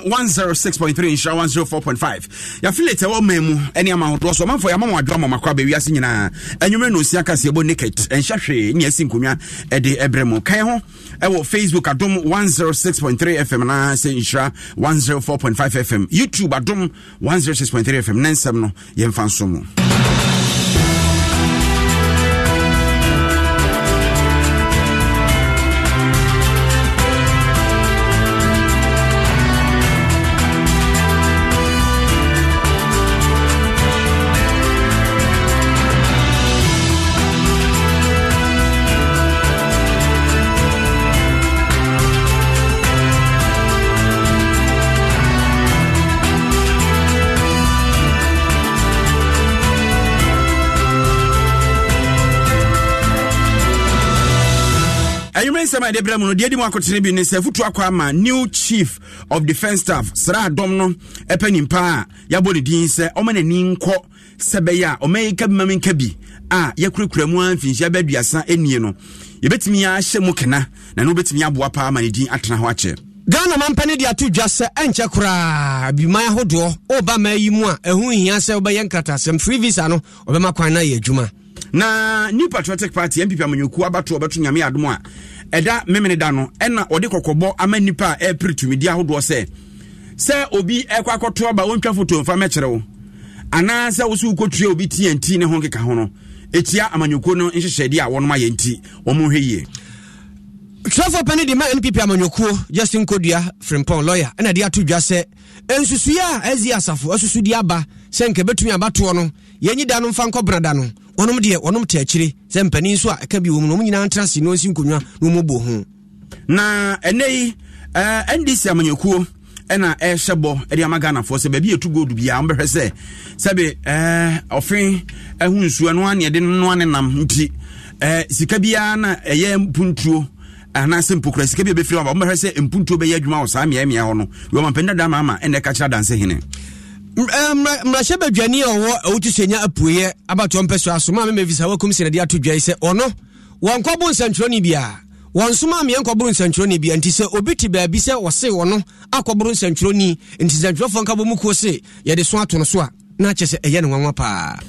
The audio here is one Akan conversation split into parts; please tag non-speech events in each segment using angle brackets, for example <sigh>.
fm 106.3 nhyira 104.5 yɛafilete wɔ ma mu ne ama ahodoɔ so ɔmanfo yɛama mo adwo ama makɔ nyinaa anwummerɛ no osia ka sɛ yɛbɔ naked ɛnhyɛ hwee ne asi nkonnwa de brɛ mu kan ho ɛwɔ facebook adom 106.3 fm na sɛ nhyira 104.5 fm youtube adom 106.3 fm ne nsɛm no yɛmfa nso mu nsɛm a yɛde brɛ mu no deɛ di mu akotene bi ne sɛ fotu akɔ ama new chief of defence staff sra adɔm no ɛpɛ nimpa a yɛabɔ ne din sɛ ɔma n'ani nkɔ sɛ bɛyɛ a ɔma yi bi ma me nka bi a yɛkurakura mu a mfinhyia bɛaduasa ɛnie no yɛbɛtumi ahyɛ mu kena na ne wobɛtumi aboa paa ma ne din atena hɔ akyɛ ghana mampa no de ato dwa sɛ ɛnkyɛ koraa biman ahodoɔ woba ma yi mu a ɛho hia sɛ wobɛyɛ nkratasɛm free visa no ɔbɛma kwan no ayɛ adwuma na new patriotic party mpp amanyɔkuo abatoɔ bɛto nyame adom a ɛda memene da no ɛna ɔde kɔkɔbɔ ama nnipa a ɛpere tumidi ahodoɔ sɛ sɛ obi ɛkɔ akɔto aba ɔntwa foto mfa mɛkyerɛ wo anaa sɛ wo so wokɔtua obi tianti ne ho keka ho no ɛtia amanyɔkuo no nhyehyɛdeɛ a wɔnom ayɛ nti ɔmo hwɛ yie twerɛfoɔ pani de ma npp amanyɔkuo justin kodua frimpɔn lawyer ɛna de ato dwa sɛ nsusui a ɛzi asafo asusu de aba sɛ nka bɛtumi abatoɔ no yɛnyi da no mfa nkɔ brada no ɔnom deɛ ɔnom te akyire sɛ mpanin so a ɛka bi wɔ mu no ɔmo nyinaa ntena se na ɔnsi nkonnwa na ɔmo bɔ ho na ɛnɛ yi uh, ndc amanyakuo ɛna ɛhyɛ bɔ ɛde ama ghanafoɔ sɛ baabi yɛtu gold biaa mbɛhwɛ sɛ sɛbe ɔfe ɛho nsuo no aneɛ de noa ne nam nti sika biara na ɛyɛ mpuntuo anaasɛ mpokura sika bia a bɛfiri aba ɔmbɛhwɛ sɛ mpuntuo bɛyɛ adwuma wɔ saa mmeammea hɔ no wɔmampɛni dada ama ɛnɛ ka kyerɛ adansɛ hene Eh, mmarahyɛ badwani a ɔwɔ ɔwotu sɛnya apueɛ abatoɔ mpɛ so aso ma memɛfisa wakɔmsina de ato dwae sɛ ɔno wɔnkɔbo nsɛntwerɛne biaa wɔnsoma ameɛ nkɔboro nsɛntwerɛne bia nti sɛ obi te baabi sɛ ɔse ɔno akɔboro nsɛntwerɛni nti nsɛntwerɛfoɔ nkabɔ mu kuo se yɛde so ato so a na akyɛ sɛ ɛyɛ ne nwanwa paa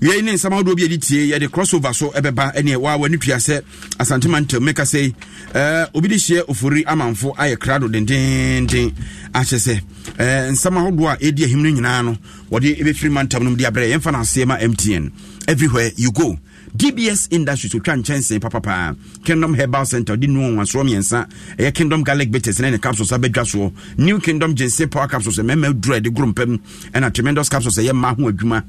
wiei ne nsɛm ahodoɔ bi adi tie yɛde crossover so ɛbɛba ɛneɛ waa w'ani tua sɛ asantema ntam meka sɛ uh, obi de hyɛ ofori amanfo ayɛ krado dendenden ahyɛ sɛ uh, nsɛm ahodoɔ a ɛdi ahim no nyinaa no wɔde ɛbɛfiri ma ntam nom de abrɛ yɛmfa no aseɛ ma mtn everywhere you go dbs industries otwa nkyɛnsee papapaa kingdom herbal center de nu nwansoɔ mmiɛnsa ɛyɛ kingdom garlic bitters ne ne capsules abɛdwa soɔ new kingdom ginseng power capsules mmarima dura de goro mpam ɛna tremendous capsules ɛyɛ mma ho adwuma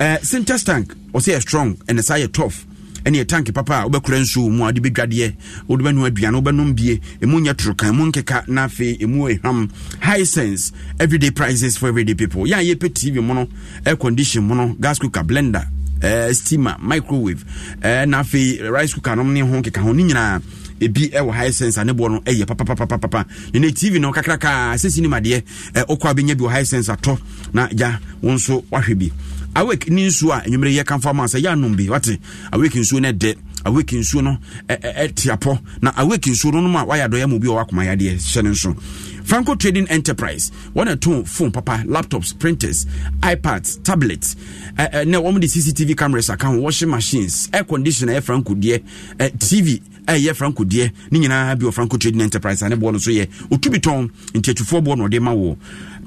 uh, tank ɔsɛ yɛ strong ɛnɛ saa yɛ tough ɛne yɛ tank papa a wobɛkora nsuo mu a wode bɛdwadeɛ wode bɛno aduane wobɛnom bie ɛmu nyɛ toroka ɛmu nkeka na afei ɛmu ɛhwam high sense everyday prices for everyday people yɛ a yɛpɛ tv mu no air condition mu no gas cooker blender uh, steamer microwave uh, na afei rice cooker nom ne ho nkeka ho ne nyinaa ebi ɛwɔ high sense ane boɔ no ɛyɛ papapapapapa nene tv no kakraka sɛsi nim adeɛ ɛwokɔ a bɛnya bi wɔ high sense atɔ na gya wo nso woahwɛ bi awake ne nsuo a nwummere yɛ kamfa ma sɛ yɛanom bi wate awake nsuo no ɛdɛ awake nsuo no ɛtiapɔ na awake nsuo no nom a wayɛ adɔyɛ mu bi ɔwɔ akoma yadeɛ hyɛ no nso franco trading enterprise wɔn ɛto phone papa laptops printers ipads tablets ɛɛ eh, na wɔn de cctv cameras aka ho washing machines air conditioner ɛyɛ franco deɛ ɛɛ tv ɛyɛ franco deɛ ne nyinaa bi wɔ franco trading enterprise a ne boɔ no so yɛ otubi tɔn ntiatufoɔ boɔ na ɔde ma wɔ.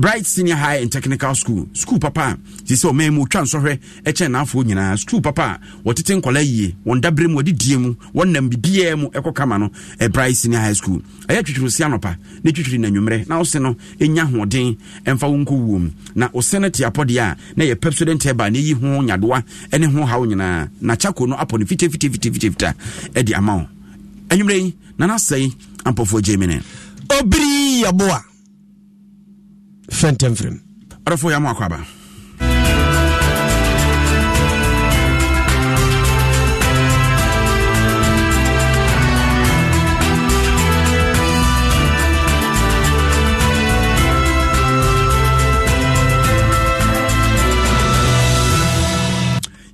bright senior high and technical school school papa sɛ sɛ ɔma mu ɔtwa nsɔhwɛ ɛkyɛn naafoɔ nyinaa school papa a wɔtete nkɔla yie wɔn dabere mu wɔde die mu wɔnam bibiaa mu ɛkɔ kama no e bright senior high school ɛyɛ twitwiri si anɔpa ne twitwiri nanwummerɛ na wose no ɛnya hoɔden ɛmfa wo nkɔ wuo mu na ose no te apɔdeɛ a na yɛ pepsodent teba ne yi ho nyadoa ne ho haw nyinaa na chako no apɔ no fitafitafitafita ɛde ama wo anwummerɛ yi nana sɛe ampɔfoɔ gyemene obiri yɛboa fɛntɛmfrɛm ɔdɔfo yɛ mo akɔ aba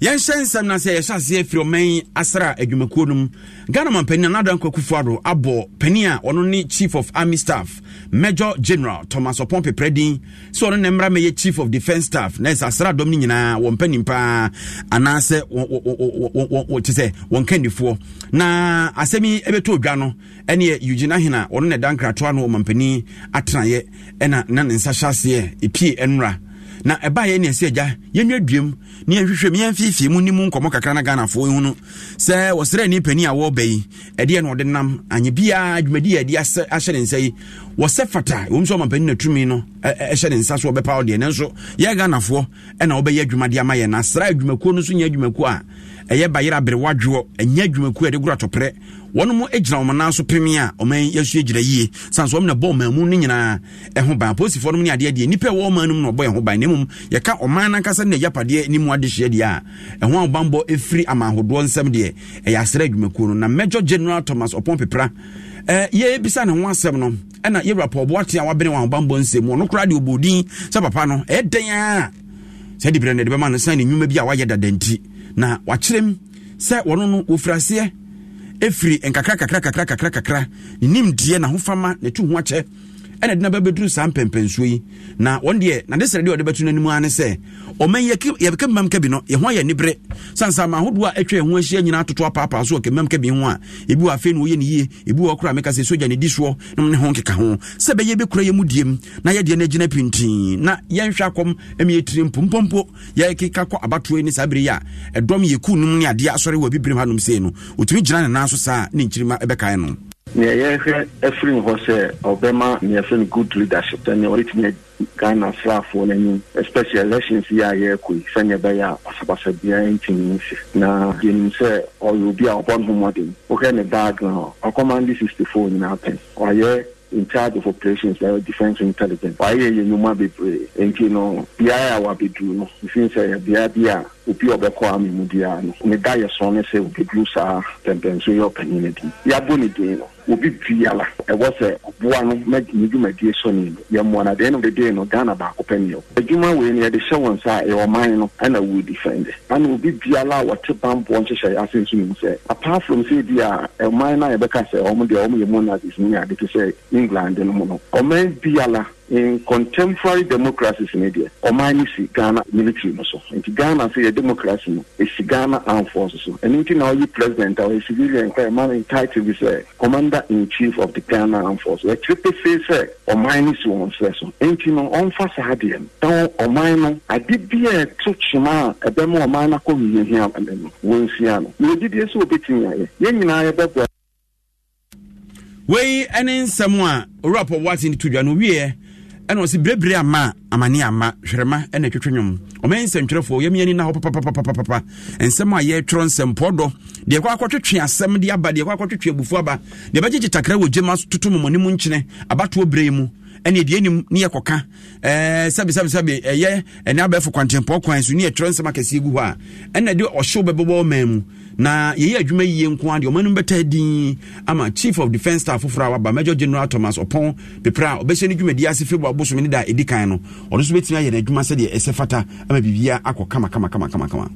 yɛnhyɛ nsɛm no sɛ yɛhyɛ aseɛ firi ɔman asra adwumakuo no mu ghana mampanin anada nkwakufoɔ ado abɔ panin a ɔno ne chief of army staff major general thomas ɔpɔn peprɛ din sɛ ɔno ne mmara mɛyɛ chief of defence staff na ɛsɛ asra dɔm no nyinaa wɔn mpanin paa anaasɛ wɔte sɛ wɔn kandifoɔ na asɛm yi ɛbɛtɔ odwa no ɛne yɛ eugene ahena ɔno ne da nkratoa no ɔmampanin atenaeɛ ɛna na ne nsa hyɛ aseɛ ɛpie ɛnora na ɛba yɛ ne ɛsɛ agya yɛnwa duam ne yɛnhwehwɛ mu yɛmfiefie mu ne mu nkɔmmɔ kakra no ghanafoɔ hu no sɛ wɔsrɛni pani a wɔreba yi ɛdeɛ na ɔde nam anyɛ biaa dwumadi a ɛde ahyɛ ne nsa yi wɔsɛ fata wɔm sɛ ɔmampani natumi no ɛhyɛ ne nsa so wɔbɛpa wo deɛ nanso yɛ ghanafoɔ ɛna wɔbɛyɛ adwuma de ama yɛ na sra adwumakuo no so nyɛ adwumakuo a ɛyɛ bayera berewadwoɔ ɛnyɛ adwumaku ɛde goro atoprɛ wɔn mu gyina wɔn nan so pemi a ɔman yɛsu gyina yie san so wɔn na bɔ ɔman mu no nyinaa ɛho ban apolisifoɔ no mu ne adeɛ deɛ nipa ɛwɔ ɔman no mu na ɔbɔ ɛho ban na mmom yɛka ɔman nankasa ne yapadeɛ ne mu adehyeɛ deɛ a ɛho abanbɔ ɛfiri amanhodoɔ nsɛm deɛ ɛyɛ asrɛ adwumakuo no na major general thomas ɔpɔn pepra ɛɛ yɛbisa ne ho asɛm no ɛna yɛwura pɔɔbɔ ate a wabene wɔn ahobanbɔ nsɛm wɔn no koraa no ɛɛdɛn a sɛ dibire no de bɛma no san ne nnwuma na wakyerɛ m sɛ wɔno no wɔfiri aseɛ ɛfiri nkakra kakra kakra kakra ne nimdeɛ n'ahofama n'atu ho akyɛ ɛna ɛde naba bɛduru saa mpɛmpɛnsuo yi na wɔn deɛ na de srɛ deɛ ɔde bɛtu n'anim ara ne sɛ ɔman yɛ yɛbɛka mmam kabi no yɛho ayɛ nibrɛ sansama ahodoɔ a ɛtwa ɛho ahyia nyinaa toto apaapaa so ɔkɛ mmam kabi ho a ebi wɔ afei na wɔyɛ ne yie ebi wɔ ɔkora meka sɛ sogya ne di soɔ na ne ho nkeka ho sɛ bɛyɛ bɛkura yɛ mu diem na yɛdeɛ no agyina pintii na yɛnhwɛ akɔm ɛmi yɛtiri mpompompo yɛkeka kɔ abatoɔ ne saa bere yi a ɛdɔm yɛku nom ne adeɛ asɔre wɔ bibirim hanom sei no ɔtumi gyina ne nan so saa ne nkyirimma ɛbɛkae no nea yɛhwɛ e afiri e n hɔ sɛ ɔbɛma nea yɛfrɛ no good leadership sɛnea ɔbɛtumi ghana asraafoɔ no anim especially elections yi e a yɛkɔ yi sɛnea ɛbɛyɛ a basabasa biara ntimi nsi na yɛnim sɛ ɔyɛ obi a ɔbɔ no ho mmɔden wohwɛ ne background ɔkɔmande 64 nyinaa pɛn ɔyɛ in charge of operations ɛyɛ defence intelligence wayɛ yɛ nnwuma bebree nti no biara a wabɛduru no mfin sɛ yɛ bea bi a obi ɔbɛkɔ ama mu di ano ne da yɛ sɔn ne sɛ obeduru saa pɛmpɛnso yɛ ɔpanyin ne din yabɔ ne din no obi biara ɛwɔ sɛ ɔboa no ne dwumadie sɔ ne mu yɛ mmoa na deɛ no de den no ghana baako pɛ ne yɛ adwuma wei no yɛde hyɛ wɔn nsa a ɛyɛ no ɛna wɔn difɛnde ɛna obi biara a wɔte bambɔ nhyehyɛ ase nso ne mu sɛ apart from sɛ ebi a ɛman no a yɛbɛka sɛ ɔmo deɛ ɔmo yɛ mu nazis ne ade te sɛ england no mu no ɔman biara in contemporary democracies ni deɛ ɔman ni si ghana military no so nti ghana sɛ yɛ democracy no esi ghana armed forces so ɛnu ti na ɔyɛ president a ɔyɛ civilian kora ɛma e ne title bi sɛ eh, commander in chief of the ghana armed forces ɛkyerɛ pefee sɛ ɔman ni si wɔn sɛ so nti no ɔnfa saa deɛ no e tɔn ɔman e no ade bi a ɛto kyima a ɛbɛma ɔman no akɔ hiahia no wɔn nsia no na odidie sɛ obetumi ayɛ yɛn nyinaa yɛbɛboa. wei ne nsɛm a owurapɔ wate no to dwa no wieɛ ɛna ɔsi berebere ama amane ama hwerɛma ɛna twitwe nwom ɔmɛyɛ nsɛntwerɛfoɔ yɛm yɛni na hɔ papapapapapa nsɛm a yɛtwerɛ nsɛmpɔ dɔ deɛ kɔ akɔtwetwe asɛm de aba deɛ kɔ akɔtwetwe abufu aba deɛ bɛgyegye takra wɔ gyema toto mɔmɔne mu nkyene abatoɔ berɛ yi mu ɛne deɛ nim ne yɛ kɔka sɛbesɛbesɛbe ɛyɛ ɛne abɛɛfo kwantempɔn kwan so ne yɛtrɛ nsɛm akɛseɛ gu hɔ a ɛna de ɔhyew bɛbɔbɔ ɔman mu na yɛyɛ adwuma yie nko a ɔma no bɛtaa din ama chief of defence staff foforɔ a waba major general thomas ɔpɔn pepra a ɔbɛhyɛ no dwumadi ase februar bosome ne da a ɛdi kan no ɔno nso bɛtumi ayɛ no adwuma sɛdeɛ ɛsɛ fata ama biribia akɔ kama kama kama kama kama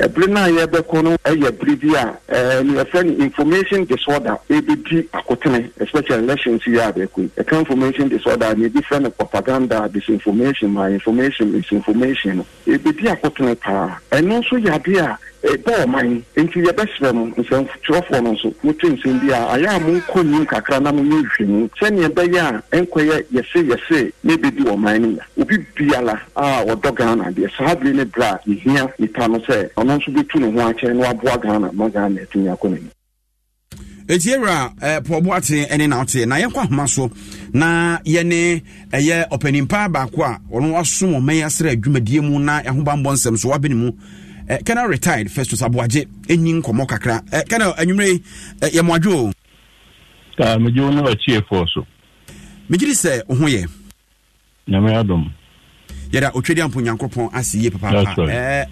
ɛbere no a yɛbɛkɔ no yɛ bere bi a ne yɛfrɛ no information disorder ɛbɛdi akotene especially elections yi a yi ɛka information disorder ne yɛbi frɛ no propaganda disinformation ma information misinformation no ɛbɛdi akotene paa ɛno nso yɛ ade a ɛbɔɔ eh, man nti yɛbɛsrɛ mo nsɛmkyerɛfoɔ no nso motwe nsɛm bi a ayɛ a monkɔ nim kakra na monyɛ nhwɛmu sɛneɛ ɛbɛyɛ a ɛnkɔyɛ yɛseyɛse na ɛbɛdi wɔ man no obi biala a ɔdɔ ghana deɛ saa bere ne berɛ a yɛhia no sɛ ɔno nso bɛtu ne ho na waboa ghana ma ghana atumi akɔ eh, na yɛnkɔ ahoma so na yɛne ɛyɛ ɔpanimpa baako a ɔno wasom asrɛ adwumadie mu na ɛho kɛnɛ eh, retired festus aboagye ɛnyi nkɔmmɔ kakra kɛnɛ eh, anwummerɛ eh, yɛ mmoadwo o megye wo ne wakyiefoɔ so megyeri sɛ wo ho yɛ nyame adom yɛda ɔtwadi ampo nyankopɔn ase yie papaapa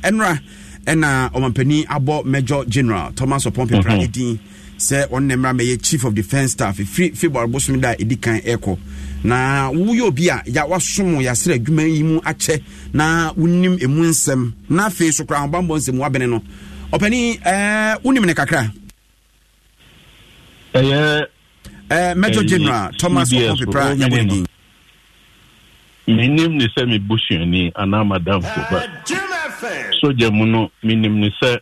ɛnora ɛna ɔmampani abɔ major general thomas ɔpɔmpepra ɛdin mhm. sɛ ɔne mmara mɛyɛ chief of defence staff ɛfiri february bosom da ɛdi kan ɛrekɔ na woyɛ obi a ya wasom yɛasrɛ adwuma yi mu akyɛ na wonim ɛmu nsɛm na afei so kora ahobanbɔ nsɛm no ɔpani wonim ne kakra ɛyɛ general thomas opepra nyɛbɔne din menim ne sɛ anaa madamfo ba sogya mu no menim ne sɛ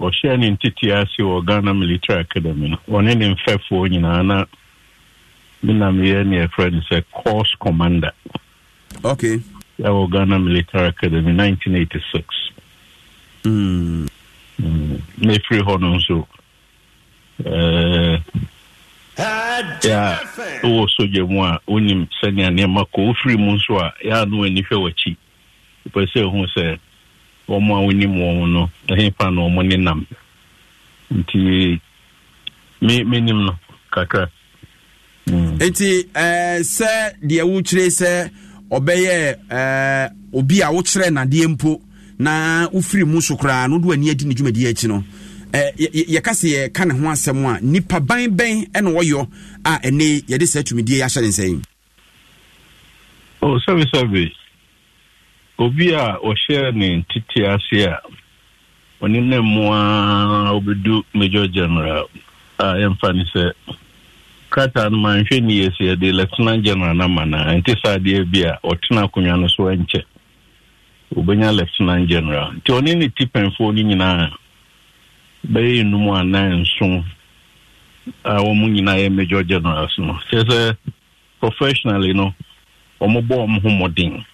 ɔhyɛ ne ase wɔ ghana military academy no ɔne ne mfɛfoɔ na me na meyɛ ne sɛ course commander okay yɛwɔ ghana military academy 1986 mm. Mm. na ɛfiri hɔ no nso wowɔ eh, sogya mu a wonim sɛnea nneɛma kɔ wofiri mu nso a yɛa no w'ani hwɛ w'akyi wopɛ sɛ ɛhu sɛ wɔn a wonim wɔn no ɛhefa na wɔn nenam nti me menim no kakra Mm. nti eh, sɛ deɛ wokyerɛ sɛ ɔbɛyɛ eh, obi a wokyerɛ nadeɛ mpo na wofiri mu so koraa na wode ani adi ne dwumadiɛ akyi no eh, yɛka sɛ yɛka ne ho asɛm a nipa ban bɛn ɛna wɔyɔ a ɛne yɛde saa tumidie ahyɛ ne nsɛn oh, sɛbesɛbe obi a ɔhyɛ ne tete ase a ɔne na mmoa wobɛdu major general a ɛmfa ne sɛ kata no manhwɛ ni yɛsi yɛde lɛtena general no ama no nti saa adeɛ bi a ɔtena akonnwa no so nkyɛ obɛnya lɛtena general nti ɔne ne tipɛnfoɔ no nyinaa bɛyɛ enum anan nson a wɔn nyinaa yɛ major generals no kyerɛ sɛ professionally no wɔn bɔ wɔn ho mmɔden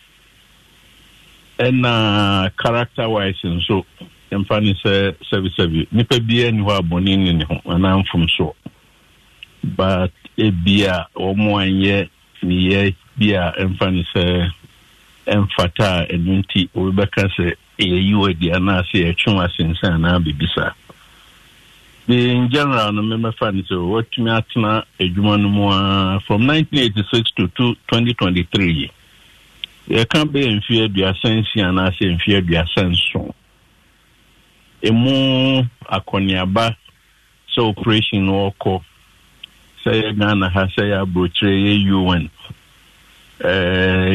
ɛna character wise nso mfa ne sɛ sɛbisɛbi nipa biara ni hɔ abɔne ne ne ho anaa mfomsoɔ but ebi a wɔn anyɛ neyɛ bi a ɛmfa ne sɛ ɛmfata a ɛno nti wɔbɛka sɛ yɛyi wɔ adi anaasɛ yɛtwe wɔ asensa anaa biribisaa in general no memɛfa ne sɛ wɔatumi atena adwuma e no mu a from 1986 to 2023 yi yɛka bɛyɛ mfeɛ aduasa nsia anaasɛ mfeɛ aduasa nson ɛmu akɔneaba sɛ operation no ɔkɔ sɛ yɛ ghana ha sɛ yɛ aburokyerɛ yɛ un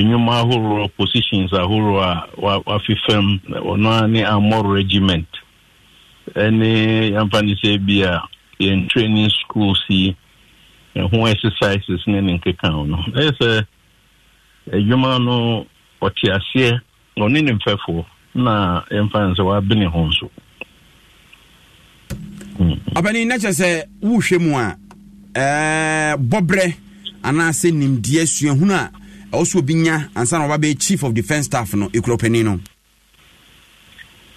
nnwuma ahoroɔ positions ahoroɔ a wafe ɔno a ne amor regiment ɛne yɛmfa ne sɛ bi a yɛn training schools yi exercises ne ne no ɛyɛ sɛ adwuma no ɔte aseɛ ɔne ne mfɛfoɔ na yɛmfa ne sɛ wabene ho nso hmm. abani na kyerɛ sɛ wohwɛ mu a Eh, bɔberɛ anaasɛ nimdeɛ suahunu a ɛwɔ so obi nya ansa na wɔba chief of defence staff no ekura panin no.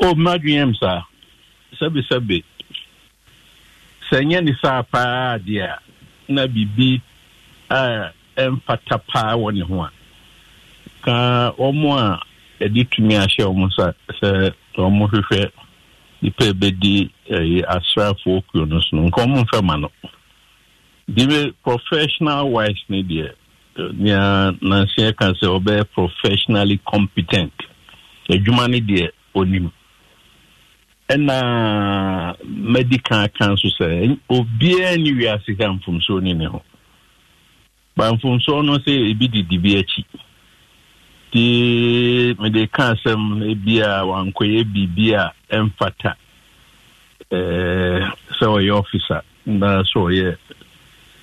o mmadwin saa sɛbisɛbi sɛ nyɛ ne saa paa adeɛ a na biribi a eh, ɛmfata paa wɔ ne ho a ka wɔn a yɛde tumi ahyɛ wɔn sa sɛ wɔn hwehwɛ nipa ebedi ɛyɛ eh, asraafoɔ kuo no so nka wɔn mfɛ no debe professional wise ni deɛ nea nansia ka sɛ ɔbɛyɛ professionally competent adwuma ne deɛ onim ɛna medical ka nso sɛ obiara ni wiase ka mfomsoɔ ne ne ho ba mfomsoɔ no sɛ ebi didi bi akyi nti mede ka asɛm ebi a wankɔyɛ biribi a ɛmfata eh, sɛ ɔyɛ officer na sɛ ɔyɛ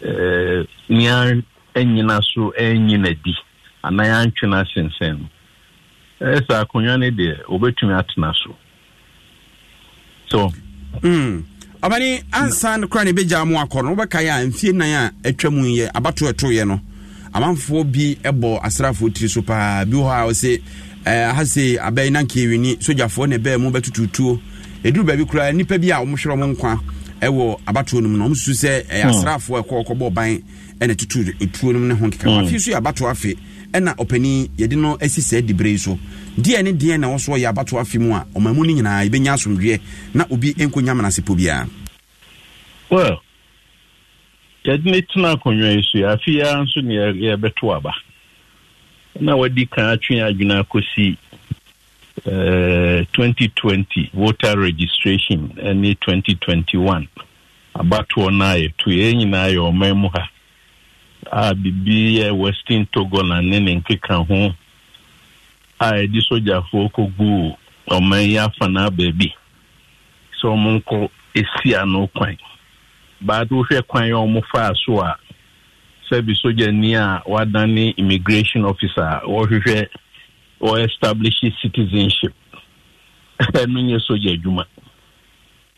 Eh, nea anyina so anyina di anaa yɛantwe no asensɛn eh, no ɛsɛ akonnwa no deɛ wɔbɛtumi atena so so hmm. ɔbani ansa no kora ne bɛgya mu akɔ no wobɛka yɛ a mfie nan a atwa mu yɛ abato ɛtoeɛ no amanfoɔ bi bɔ asraafoɔ tiri so paa bi hɔ a ɔse eh, ha se abɛi nankewini sogyafoɔ ne ɛbɛɛ mu bɛtututuo ɛduru baabi koraa nnipa bi a wɔmhwerɛ mo nkwa ɛwɔ abatoɔ no mu na ɔmo susu sɛ ɛyɛ hmm. asraafoɔ ɛkɔ ɔkɔbɔ ban ɛna tutu etuo no mu ne ho keka wafi hmm. nso yɛ abatoɔ afe ɛna ɔpanin yɛde no ɛsi sɛ dibere yi so deɛ ne deɛ na wɔso yɛ abatoɔ afe mu a ɔman mu no nyinaa yɛbɛnya asomdwoeɛ na obi nko nya manasepo biara. well yɛde ne tena akonnwa yi so yɛ afe yi ara nso na yɛbɛto aba na wadi kan atwe adwene akɔsi 2020 uh, voter registration ne 2021 abatoɔ no a yɛto yɛn nyinaa yɛ ɔman mu ha a ah, biribi yɛ western togo ne ne nkeka ho a ah, yɛde sogyafoɔ kɔguu ɔman yi afa baabi sɛ ɔmo nkɔ esi ano kwan baade wohwɛ kwan a ɔmo faa so a sɛbi sogyani a wadane immigration officer a wɔhwehwɛ or establish citizenship ɛno nyɛ sogya adwuma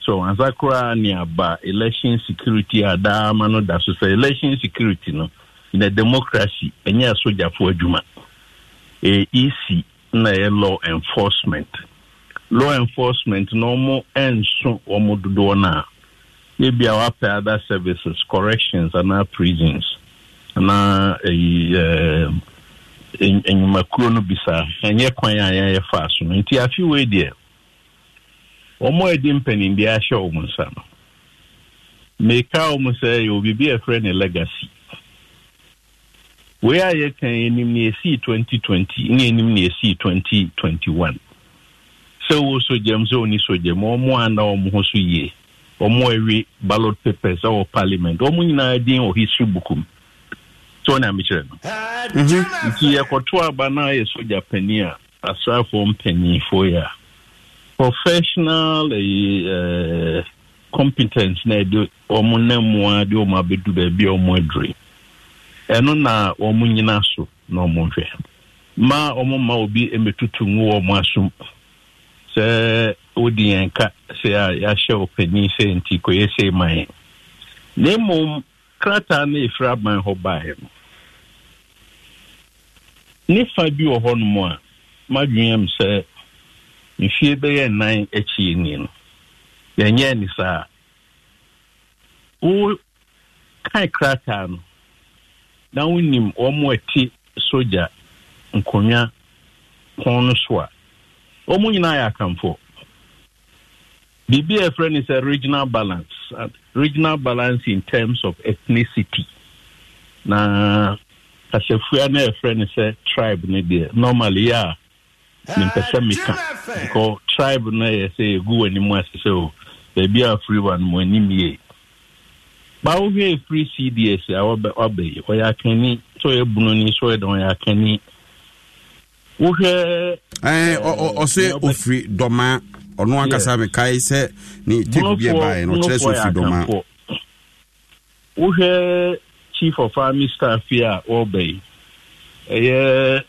so ansa koraa ne aba election security a daama no da so sɛ election security no na democracy ɛnyɛ asogyafoɔ adwuma e, ec na ɛyɛ law enforcement law enforcement na ɔmo nso ɔmo dodoɔ no ebi a wapɛ other services corrections ana prisons ana. ɛyi ɛɛ. Uh, nnwumakuro no bisaa ɛnyɛ kwan a yɛyɛ faa so no nti afe wei deɛ wɔn a ɛdi mpanimdeɛ ahyɛ wɔn nsa no mmirika wɔn sɛ yɛ obibi a yɛfrɛ ne legacy wei a yɛka anim na yɛsii 2020 ne anim na yɛsii 2021 sɛ wɔ sogyam sɛ ɔni sogyam wɔn a na wɔn ho so yie wɔn a ɛwe ballot papers ɛwɔ parliament wɔn nyinaa din wɔ history book mu. Mhm. so eh, na mekyerɛ no nti yɛkɔto aba no a sogya pani a asraafoɔ mpanyinfoɔ yi a professional uh, competence na ɛde ɔmo namoa de ɔmo abɛdu baabi a ɔmo adure ɛno na nyina so na ɔmo ma ma obi mmetutu ngu ɔmo asom sɛ yɛn ka sɛ yɛahyɛ sɛ nti sɛ ma yɛn krataa na efiri aban hɔ baeɛ no ne fa bi wɔ hɔnom a madwene m sɛ mfie bɛyɛ nnan akyi ni no yɛnyɛ ne saa wo kae krataa no na wonim wɔn ati sogya nkonnwa pɔn no so a wɔn nyinaa yɛ akamfo biribi a yɛfrɛ no sɛ regional balance regional balance in terms of ethnicity na kasafua na yɛfrɛ no sɛ tribe no deɛ normally yɛ a mempɛ sɛ meka bcause tribe na yɛ sɛ yɛgu w'anim ase sɛ o baabi a firi wa no mo anim yie ba wohwɛ ɛfiri cds a waba yi ɔyɛ akani sɛ ɔyɛ bunu ni sɛ ɔyɛ dɛ ɔyɛ akani wohwɛ ɔsɛ ɔfiri dɔmaa ɔno ankasa mekae sɛ ne tape bi ɛbaeɛ no ɔkyerɛ sɛ ɔfi dɔm a wohwɛ chief of army staff yi a wɔreba yi ɛyɛ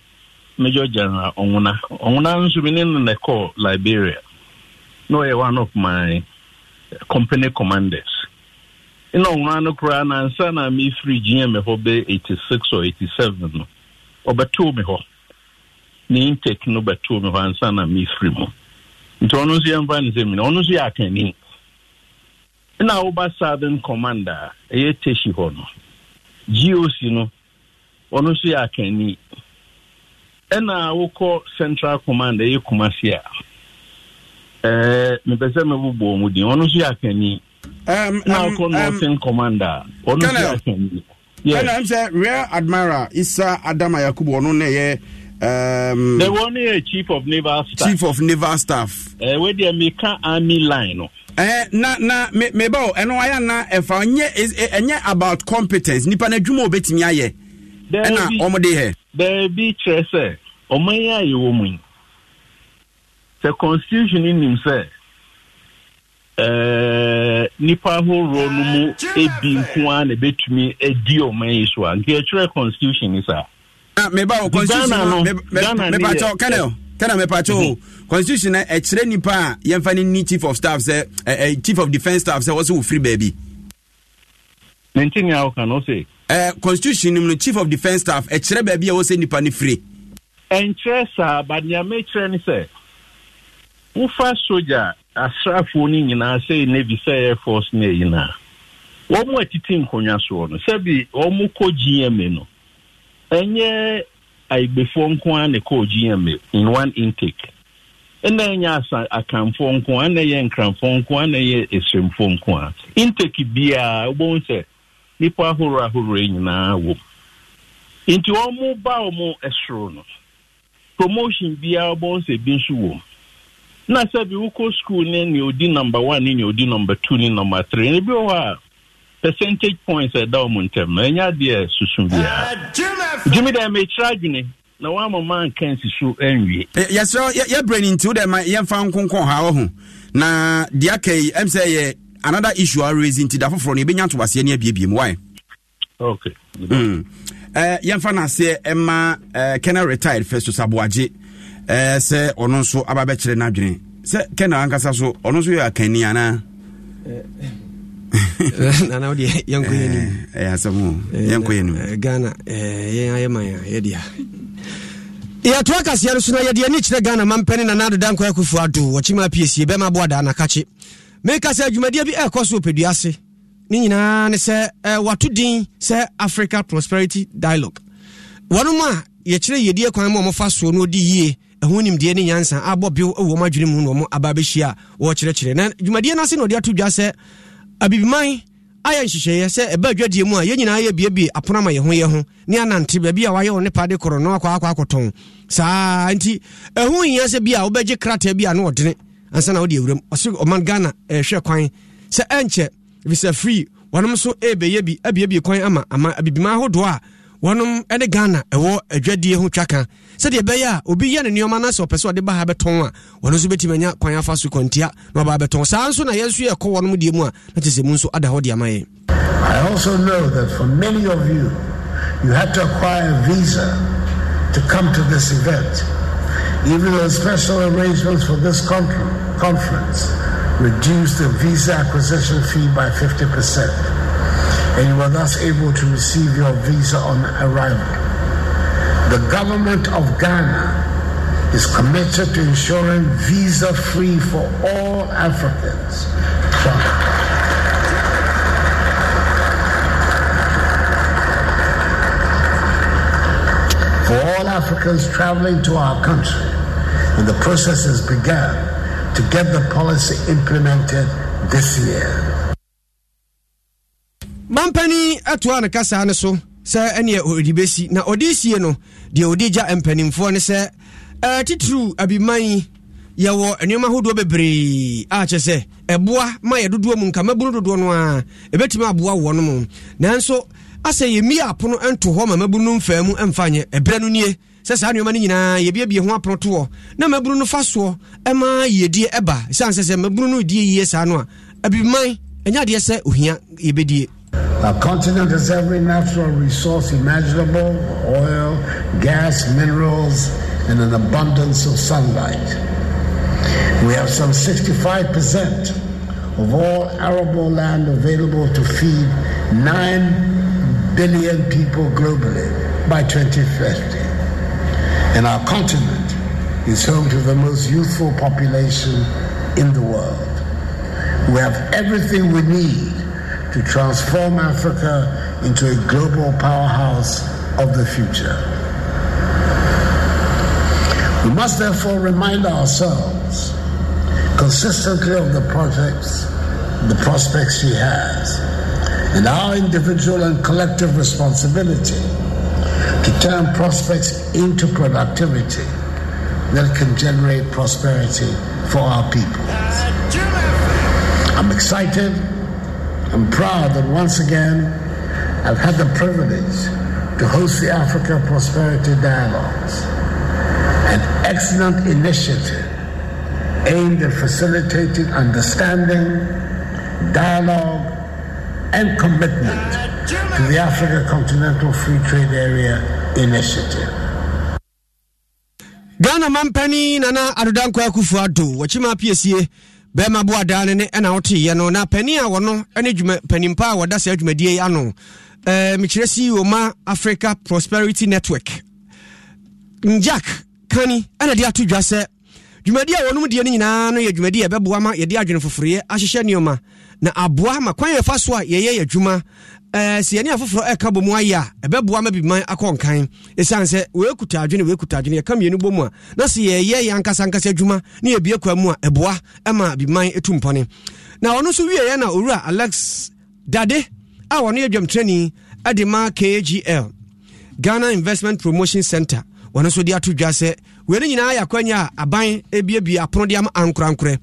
major general ɔnwona ɔnwona nso mi ne no na ɛkɔɔ liberia na ɔyɛ one of my company commanders ɛna ɔnwona no koraa na ansa na mefiri gyina me hɔ bɛ 86 or 87 no ɔbɛtoo me hɔ ne intake no bɛtoo me hɔ ansa na mefiri mu nti ɔno nso yɛmfa no sɛ mina ɔno nso yɛ akani na woba southern commander a ɛyɛ teshi hɔ no goc no ɔno nso yɛ akani ɛna wokɔ central commander ɛyɛ kumase a ɛɛ mepɛ sɛ mɛbobɔ mu din ɔno nso yɛ akani um, na wokɔ northern um, a ɔno nso yɛ akani ɛna sɛ rear admiral isa adama yakubu ɔno na ɛyɛ Um, the one here, chief of naval staff. Chief of naval staff. Uh, where the American army line. No? Uh, na na meba o eno ayɛ na ɛfa ɛnyɛ ɛnyɛ about competence nipa jumo adwuma obetumi ayɛ ɛna ɔmo de yɛ. beebi kyerɛ sɛ ɔmo yɛ ayɛ wɔ mu yi sɛ constitution nim sɛ ɛɛ eh, nipa ahorow no mu ebi nko ara na ebetumi edi ɔmo yi so a nkeɛkyerɛ constitution yi saa ah meba o constitution no meba kyɛw kɛnɛ kɛnɛ meba kyɛw constitution na eh, ɛkyerɛ nipa a yɛmfa ni chief of staff sɛ eh, eh, chief of defence staff sɛ wɔsɛ wofiri baabi. ne nti ni awoka na ɔsɛ. ɛ constitution nim no chief of defence staff ɛkyerɛ baby a wɔsɛ nipa ne free ɛnkyerɛ saa ba nea mekyerɛ ne sɛ wofa soja asraafoɔ no nyinaa sɛ navy sɛ air force no ayi no a wɔn a titi nkonnwa soɔ no sɛbi wɔn kɔ gma no enye ayigbefoɔ nko ara na ɛkɔɔ gma in one intake ɛna enye asa akanfoɔ nko ara na ɛyɛ nkranfoɔ nko ara na ɛyɛ esremfoɔ nko ara intake bia wobɛhu sɛ nipa ahorow ahorow nyinaa wɔ mu nti wɔn mo ba wɔn ɛsoro no promotion bia wɔn sɛ bi nso wɔ mu na sɛbi wokɔ school ne nea odi nọmba one ne nea odi nọmba two ne nọmba three ne bi wɔ hɔ a percentage points ɛda wɔn ntɛm ɛnyɛ adeɛ susu biara. jimmy dɛ mekyerɛ adwene na wama ma nka nsi so anwie yɛsrɛ yɛbrɛ no nti wodɛ ma yɛmfa nkonkɔ ha wɔ ho na deɛ aka yi m sɛ yɛ eh, another issue a raise nti da foforɔ no yɛbɛnya ntobaseɛ no abiebie wae okay mm. uh, eh, yɛmfa no aseɛ ɛma eh, uh, kena retired first so saboagye uh, sɛ ɔno nso aba bɛkyerɛ no adwene sɛ kena ankasa so ɔno nso yɛ akani anaa nana wode yɛnkɔ yɛ nim asɛm yɛnkɔ yɛ nim ghana yɛn ayɛ man a yɛdea yɛtoa kaseɛ no so no yɛde ani kyerɛ ghana mampɛne nana adoda nkɔ akufo ado wɔkyima piesie bɛma boadaa nakakye meka sɛ adwumadeɛ bi ɛkɔ so ɔpɛdua ase ne nyinaa ne sɛ eh, wato din sɛ africa prosperity dialogue wɔnom a yɛkyerɛ yɛdie kwan ma ɔmɔfa soɔ no ɔdi yie ɛho nimdeɛ ne nyansa abɔ bio wɔ m adwene mu na ɔm aba bɛhyia a na dwumadeɛ no ase na ɔde ato dwa sɛ abibiman ayɛ nhyehyɛeɛ sɛ ɛba adwadeɛ mu a yɛn nyinaa yɛ biebie apono ama yɛn ho yɛ ho ne anante baabi a wayɛ wo ne pade korɔ na wakɔ akɔ akɔtɔn saa nti ɛho hia sɛ bi a wobɛgye krataa bi a ne ɔdene ansa na wode awuram ɔse ɔman ghana ɛhwɛ kwan sɛ ɛnkyɛ visa free, wɔnom nso ɛbɛyɛ bi abiebie kwan ama ama abibima ahodoɔ a wɔnom de ghana ɛwɔ adwadie ho twaka sɛdeɛ ɛbɛyɛ a obi yɛ ne nneɔma no sɛ ɔpɛ sɛ ɔde ba ha bɛtɔn a wɔno nso bɛtumi anya kwan afa so kwantia na ɔba bɛtɔn saa nso na yɛn nso yɛkɔ wɔnom deɛ mu a na kyɛ sɛ mu nso ada hɔ de ama I also know that for many of you, you had to acquire visa to come to this event, even though special arrangements for this con- conference reduced the visa acquisition fee by 50 percent and you were thus able to receive your visa on arrival. The government of Ghana is committed to ensuring visa free for all Africans. For all Africans traveling to our country, and the process has begun to get the policy implemented this year. mampani atoa ne kasa ne so sɛ ɛneɛ ɔde bɛsi na ɔde sie no deɛ ɔde gya mpanimfoɔ ne sɛ ɛɛ titiriw abiman yɛwɔ nneɛma ahodoɔ bebree a kyɛ sɛ ɛboa ma yɛ dodoɔ mu nka mabunu dodoɔ no a ɛbɛtumi aboa wɔ no mu nanso asɛ yɛmi apono nto hɔ ma mabunu no mfaa mu mfa nyɛ ɛberɛ no nie sɛ saa nneɛma no nyinaa yɛbiabie ho apono toɔ na mabunu no fa soɔ ɛma yiedie ɛba ɛsiane sɛ sɛ mabunu no die yie saa no a abiman ɛnyɛ adeɛ sɛ ohia yɛbɛdie Our continent has every natural resource imaginable oil, gas, minerals, and an abundance of sunlight. We have some 65% of all arable land available to feed 9 billion people globally by 2050. And our continent is home to the most youthful population in the world. We have everything we need to transform Africa into a global powerhouse of the future. We must therefore remind ourselves consistently of the projects, the prospects she has, and our individual and collective responsibility to turn prospects into productivity that can generate prosperity for our people. I'm excited I'm proud that once again I've had the privilege to host the Africa Prosperity Dialogues, an excellent initiative aimed at facilitating understanding, dialogue, and commitment to the Africa Continental Free Trade Area Initiative. ghana mampani nana adodankwa akufo ado wɔkyema apiesie bɛrima boadaa ne ne ɛna woteeɛ no na pani a wɔno ne dwuma panimpa a wɔda saa dwumadie yi ano eh, mekyerɛ ceo ma africa prosperity network njack kani ɛna de ato dwa sɛ dwumadi a wɔnom deɛ no nyinaa no yɛ dwumadi a ɛbɛboa ma yɛde adwene foforɔeɛ ahyehyɛ nneɔma na aboa ma kwan yɛfa so a yɛyɛ yɛ adwuma Eh, siani afoforɔ ɛka bɔ mu ayɛ a ɛbɛboa ma biman akɔ nkan ɛsiane sɛ wɔɛkuta adwene wɔɛkuta adwene yɛka mmienu bɔ a na sɛ yɛyɛ yɛ ankasa ankasa adwuma ne yɛbie kwa mu a ɛboa ɛma biman ɛtu mpɔne na ɔno nso wieɛ na ɔwura alex dade a ɔno yɛ dwamtrani ɛde ma kgl ghana investment promotion center wɔno nso de ato dwa sɛ wei no nyinaa yɛ akwanya a aban ebiebie apono de ama ankorankorɛ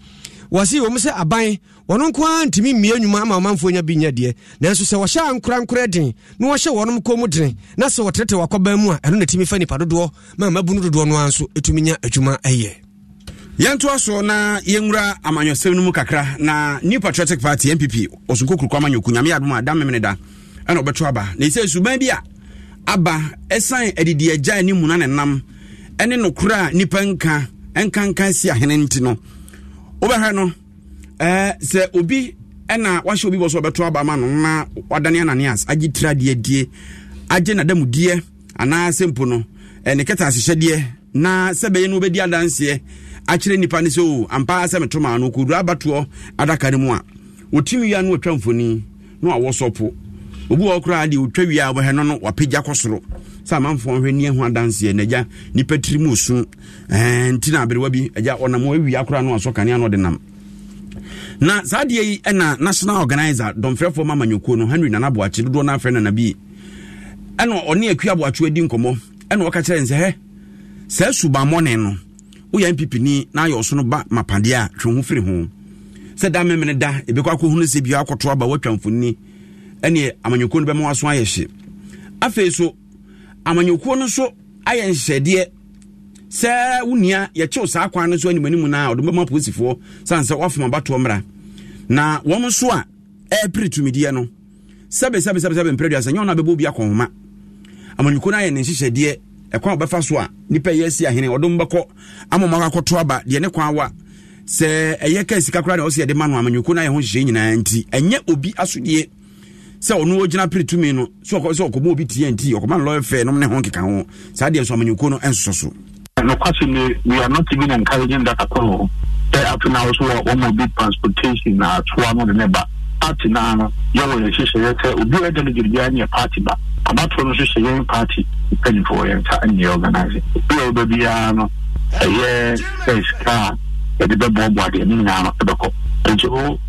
wɔ se sɛ aban wɔno nko ara ntumi mmie nnwuma ama ɔmanfoɔ nya bi nyɛ deɛ nanso sɛ wɔhyɛ ankorankora den na wɔhyɛ wɔnom kɔn mu den na sɛ wɔterete wakɔban mu a ɛno na tumi fa nipa dodoɔ ma mmabunu dodoɔ no ara nso ɛtumi nya adwuma ɛyɛ yɛntoa so na yɛnwura amanyɔsɛm no mu kakra na new patriotic party npp ɔsonkokurukɔ amanyɔku nyame adom a da memene da ɛna ɔbɛto aba na ɛsɛ suban bi a aba ɛsan adidi agya ne mu na ne nam ɛne nokorɛ a nnipa nka ɛnkanka si ahene nti no wobɛhwɛ no sɛ obi ɛna wahyɛ obi bɔ so ɔbɛto aba ama no na wadane ananias agye tira deɛ die agye n'adamu nadamudeɛ anaa sɛ mpo no ne kɛta ahyehyɛdeɛ na sɛ bɛyɛ no wobɛdi adanseɛ akyerɛ nnipa no sɛ o ampa sɛ meto maa no kɔduru abatoɔ adaka no mu a wɔtumi wia no wɔtwa mfoni na wawɔ sɔpo obi wɔ koraa deɛ ɔtwa wie a wɔhɛ no no wapagya kɔ soro sɛ amanfoɔ hwɛ ni ho adanseɛ na agya nnipa tiri mu osu nti na abiriwa bi agya ɔnam awie akora no asɔ kanea no ɔde nam na saa deɛ yi ɛna national organiser dɔmfrɛfoɔ ma amanyokuo no henry nanaboakye dodoɔ no afrɛ nana bie ɛna ɔne akua aboakye adi nkɔmmɔ ɛna ɔka kyerɛ n sɛ hɛ saa subammɔne no woyɛ npp ni na ayɛ ɔso no ba mapadeɛ a twe ho firi ho sɛ da memene da ɛbɛkɔ akɔhunu sɛ bia akɔto aba woatwa mfonni ɛne amanyokuo no bɛma waso ayɛ hye afei so amanyokuo no so ayɛ nhyɛdeɛ sɛ wo nua yɛkyew saa kwan no so animanimu no a ɔde bɛma polisifoɔ sane sɛ woafom abatoɔ mmra na wɔm nso a ɛpere tumideɛ no sɛbesɛbesɛbesɛbe mprɛduasa nyɛ ɔno a bɛbɔ bi akɔhoma amanyiko no ayɛ ne nhyehyɛdeɛ ɛkwan wɔbɛfa so a nnipa yɛ asi ahene ɔdom bɛkɔ amoma akɔto aba deɛ ne kwan wa sɛ ɛyɛ ka sika koraa ne ɔsɛ yɛde ma no amanyiko no ayɛ ho nhyehyɛ nyinaa nti ɛnyɛ obi asodeɛ sɛ ɔno ɔgyina pere tumi no sɛ ɔkɔbɔ obi tiɛ nti ɔkɔma no fɛ nom ne ho nkeka ho saa deɛ nso amanyiko no ɛnsosɔ so And of course, we are not even encouraging that at all. Say, up now, also, one more big transportation uh, at one of the neighbor. At now, you will say, Obi, I don't give you party, but about one of the party, depending for your entire organizing. We will be, um, a year, a scar, a bit more body, and now, a book. And so,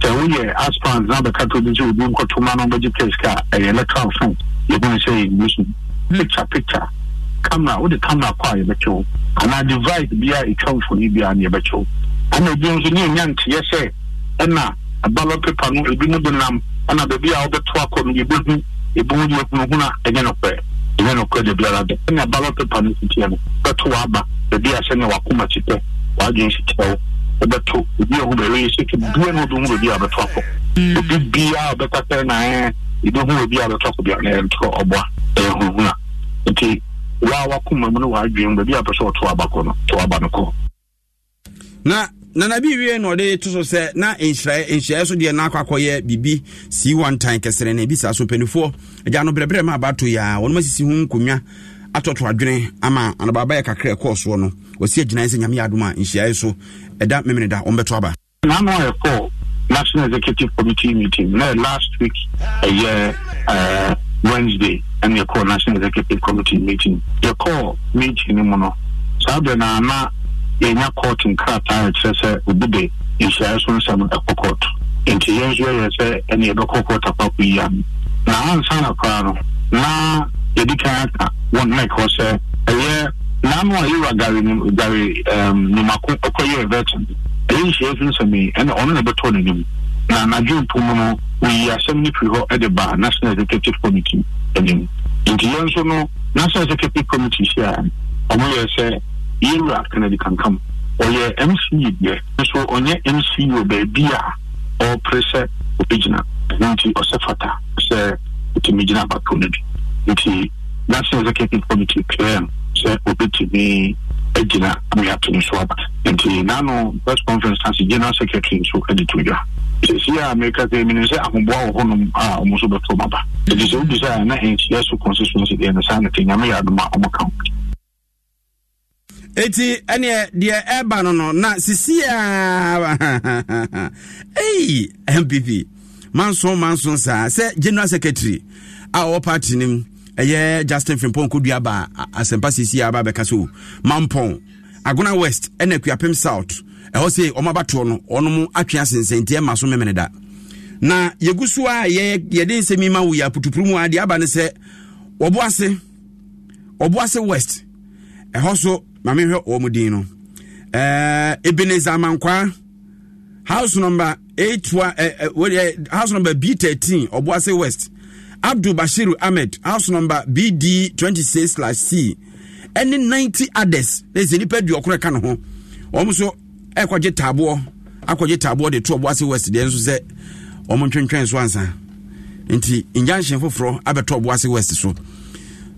sɛ woyɛ aspirant na bɛka to bi sɛ obi nkɔtoma no bɛgye case ka ɛyɛ electoral fund yɛhu sɛ yɛ ngu so uh, picture picture camera wode camera kɔ a yɛbɛkyɛw anaa device bia ɛtwa mfoni bia ne yɛbɛkyɛw ɛna obi nso ne ɔnya nteɛ sɛ ɛna ballot paper no ebi mu de nam ɛna baabi a wobɛto akɔ no yɛbɛhu ebi mu yɛhunuhuna ɛnyɛ nokorɛ ɛnyɛ nokorɛ de biara dɛ ɛna ballot paper no sitiɛ no bɛto waaba baabi a sɛnea wakoma kyitɛ wadwen sitiɛ wo obi yɛ bia hmm. na baabi a wobɛto akɔ obi bia a wobɛkasɛ na ɛɛ ebi hu baabi a wobɛto akɔ bia na ɛntorɔ ɔboa ɛyɛ nti wa wakoma no waadwen baabi a sɛ ɔto aba no to aba na nana bi wie na ɔde to so sɛ na nhyiraeɛ nhyiraeɛ so deɛ nakɔ akɔyɛ biribi one time na ɛbi saa so mpanifoɔ agya no berɛberɛ ma abato yi a wɔnom asisi ho nkonnwa atɔto adwene ama anabaaba yɛ kakra ɛkɔɔ soɔ no wɔsi agyinaeɛ sɛ nyame yɛ adom a nhyiaeɛ so ɛda memene da aba national executive committee meeting na last week ɛyɛ eh, ɛna yɛkɔɔ national executive committee meeting yɛkɔɔ meeting mu no saa bɛ na ana yɛnya court nkrataa ɛkyerɛ sɛ obi de nhyiaeɛ so nsɛm ɛkɔ court nti yɛn nso yɛyɛ sɛ ɛne yɛbɛkɔ court apako yi ano na ansa na koraa no na yɛdi kan aka wɔn na hɔ sɛ ɛyɛ n'ano a yɛwura gare gari nimako ɛkɔyɛ ɛvɛtin ɛyɛ nhyiaeɛ so nsɛm yi ɛna ɔno na ɛbɛtɔ n'anim na anadwo mpo mu no wɔyi asɛm no firi hɔ de ba national executive committee anim nti yɛn nso no national security committee si a ɔmo yɛ sɛ yɛwura kennedy kankam ɔyɛ MC deɛ nso ɔnyɛ mce wɔ baabi a ɔpere sɛ ɔbɛgyina ɛno nti ɔsɛ fata sɛ ɔtumi gyina abato no bi nti national executive committee clear sɛ ɔbɛtumi agyina amoyɛato no so aba nti nano press conference nase general secretary nso de to dwa sisi a mɛka sɛ menim sɛ ahoboa wɔ hɔnom a ɔmo so bɛfo baba ɛti sɛ wobu sɛ a na ɛnhyia so consistency deɛ no saa no te nyame yɛ adoma ɔmɔka eti ɛneɛ deɛ ɛba no no na sisi a ei mpp manson manson saa sɛ general secretary a ɔwɔ party no ɛyɛ justin frimpong kodua ba asɛmpa sisi a aba bɛka so mampɔn agona west ɛna akuapem south ɛhɔ sɛ ɔma batoɔ no ɔnom atwe asensɛnti ɛma so memene da na yɛgu so a yɛde nsɛm yi ma wo yɛ aputupuru mu a deɛ aba ne sɛ ɔboase ɔboase west ɛhɔ so mamehwɛ wɔ mu din no ebeneza amankwaa house number eight one uh, house number b thirteen obuase west abdul bashiru ahmed house number bd twenty six slash c ɛne ninety others na ɛsɛ nipa duokoro ka ne ho wɔn nso ɛkɔgye taaboɔ akɔgye taaboɔ de to ɔboase west deɛ nso sɛ ɔmo ntwentwɛn so ansa nti injunction foforɔ abɛtɔ ɔboase west so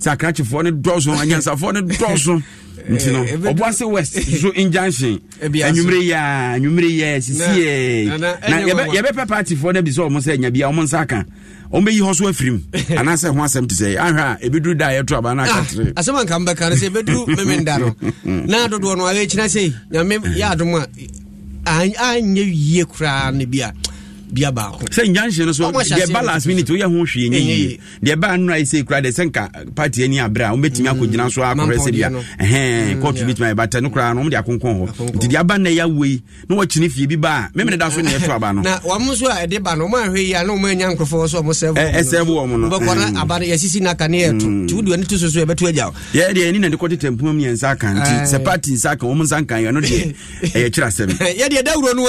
sɛ akrakyefoɔ ne dɔɔso <laughs> anyansafoɔ ne dɔɔso nti no eh, eh, ɔboase west <laughs> so injunction anwumere yi a anwumere yi sisi yɛ na yɛbɛpɛ partyfoɔ no bi sɛ ɔmo sɛ nya bia ɔmo nsa aka ɔmbɛyi hɔ so afiri mu <laughs> anaasɛ ho asɛm te sɛ ahwɛ a ɛbɛduru da a yɛto aba no ah, akatere asɛm anka mbɛka no sɛ ɛbɛduru memenda no <laughs> na dodoɔ no awɛkyina sɛ nyame yɛ adom a anyɛ yie koraa no bi a bia baako sɛ nyanhye no so deɛ ba last minute woyɛ ho hwee nyɛ yie deɛ ba nnora ɛsɛ kura deɛ sɛ nka party ani aberɛ a wobɛtumi mm. akɔgyina so akɔhwɛ sɛ bia ɛhɛn kɔto mm, bɛtumi ayɛbata no koraa no wɔmde akonkɔn hɔ nti deɛ aba nnɛ yɛawe yi na wɔkyene fie bi ba a memene da so ne yɛto aba no wɔm so a ɛde ba no wɔm ahwɛ yi a na wɔm anya nkurɔfoɔ so ɔmo sɛɛsɛbo wɔ m no wobɛkɔ no mm. aba no yɛsisi no aka ne yɛto nti wode ane to so so yɛbɛto agya wo yɛ deɛ ani na de kɔte tampuma mu yɛnsa aka nti sɛ party nsa aka wɔm nsa nka yɛ no deɛ <laughs> ɛyɛ kyerɛ asɛm yɛdeɛ dawuro no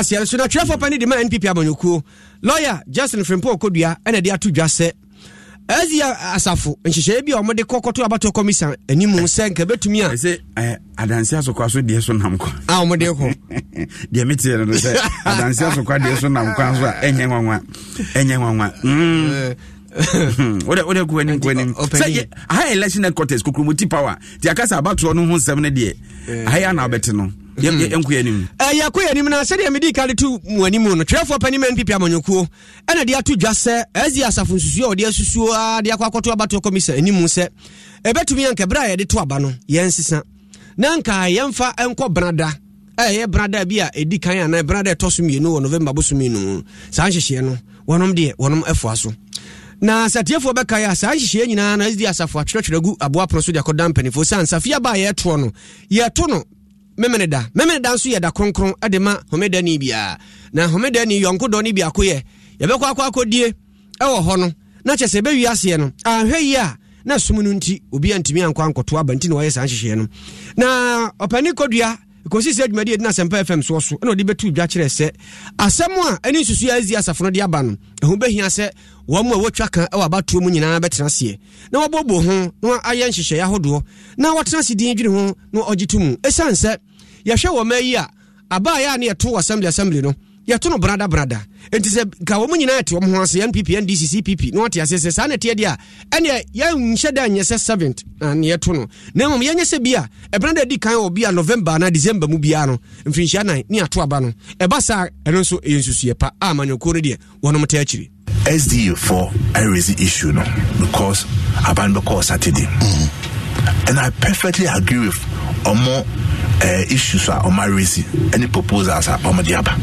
kaseɛ no so na twerɛfoɔ pa ne de ma npp amanyɔkuo lawyer justin frimpo okodua ɛna de ato dwa sɛ ɛzia asafo nhyehyɛeɛ bi a ɔmode kɔkɔto abatɔ commission animu sɛ nka bɛtumi a sɛ eh, adanse asokwa so deɛ so nam kwa a ɔmode kɔ deɛ meteɛ no no sɛ adanse asokwa deɛ so nam kwa so a ɛnyɛ nwanwa ɛnyɛ nwanwa <laughs> wode kɔ anim kɔ anim sɛ aha election headquarters kokuromuti power nti aka sɛ abatoɔ no ho nsɛm no deɛ aha yɛ ana wobɛte no mm-hmm. yɛnkɔ anim eh, yɛkɔ yɛ anim no sɛdeɛ mede ka de to mu anim no twerɛfoɔ panim npp amanyɔkuo ɛna de ato dwa sɛ ɛsi asafo nsusuo a wɔde asusuo a de akɔ akɔto abatoɔ kɔmisa anim sɛ ɛbɛtumi anka berɛ a yɛde to aba no yɛnsesa na nka yɛmfa ɛnkɔ benada eh, ɛyɛ brada bi a ɛdi kan anaa brada ɛtɔ so mmienu wɔ november bosomi no saa nhyehyɛɛ no wɔnom deɛ wɔnom afoa so na sɛ atiefoɔ bɛkaeɛ a saa hyehyeɛ nyinaa na ɛdi asafo atwerɛtwerɛ gu aboa pono so de akɔda mpanifoɔ sa ansafia ba yɛtoɔ no yɛto no memene da memene da nso yɛda kronkron de ma homeda ni biara na homeda ni yɔnkodɔ no biako yɛ yɛbɛkɔ akɔ akɔdie ɛwɔ hɔ no na kyɛ sɛ ɛbɛwi aseɛ no anhwɛ yi a na som no nti obi antumi ankɔ ankɔtoa aba nti na wɔyɛ saa nhyehyɛɛ no na ɔpani kɔdua kɔsi sɛ adwumadi ɛdina asɛmpa fm soɔ so ɛna ɔde bɛtu dwa kyerɛ sɛ asɛm a ɛne nsusu a ɛzi asafo no de aba no ɛho bɛhia sɛ wɔn a wɔatwa ka ɛwɔ abatoɔ mu nyinaa bɛtena aseɛ na wɔabɔbɔ ho na ayɛ nhyehyɛeɛ ahodoɔ na wɔtena ase din adwene ho na ɔgye to mu ɛsiane sɛ yɛhwɛ wɔ ma yi a abaayɛ a ne yɛto assembly assembly no yɛto no brada brada enti sɛ ka wɔn nyinaa te wɔn ho ase npp ndc cpp na wɔte aseɛ sɛ saa na teɛ deɛ a ɛneɛ yɛnhyɛ da nyɛ sɛ 7 na yɛto no na mmom yɛnyɛ sɛ bi a ɛbɛn da adi kan wɔ bi a november anaa december mu biara no mfirinhyia nan ne ato aba no ɛba saa ɛno nso ɛyɛ nsusuɛ pa a amanyɔkuo no deɛ wɔnom tɛ akyiri sda for the issue no because aban bɛkɔɔ saturday mm. and i perfectly agree with ɔmo uh, eh, issues a ɔmo aresi ɛne proposals a ɔmo de aba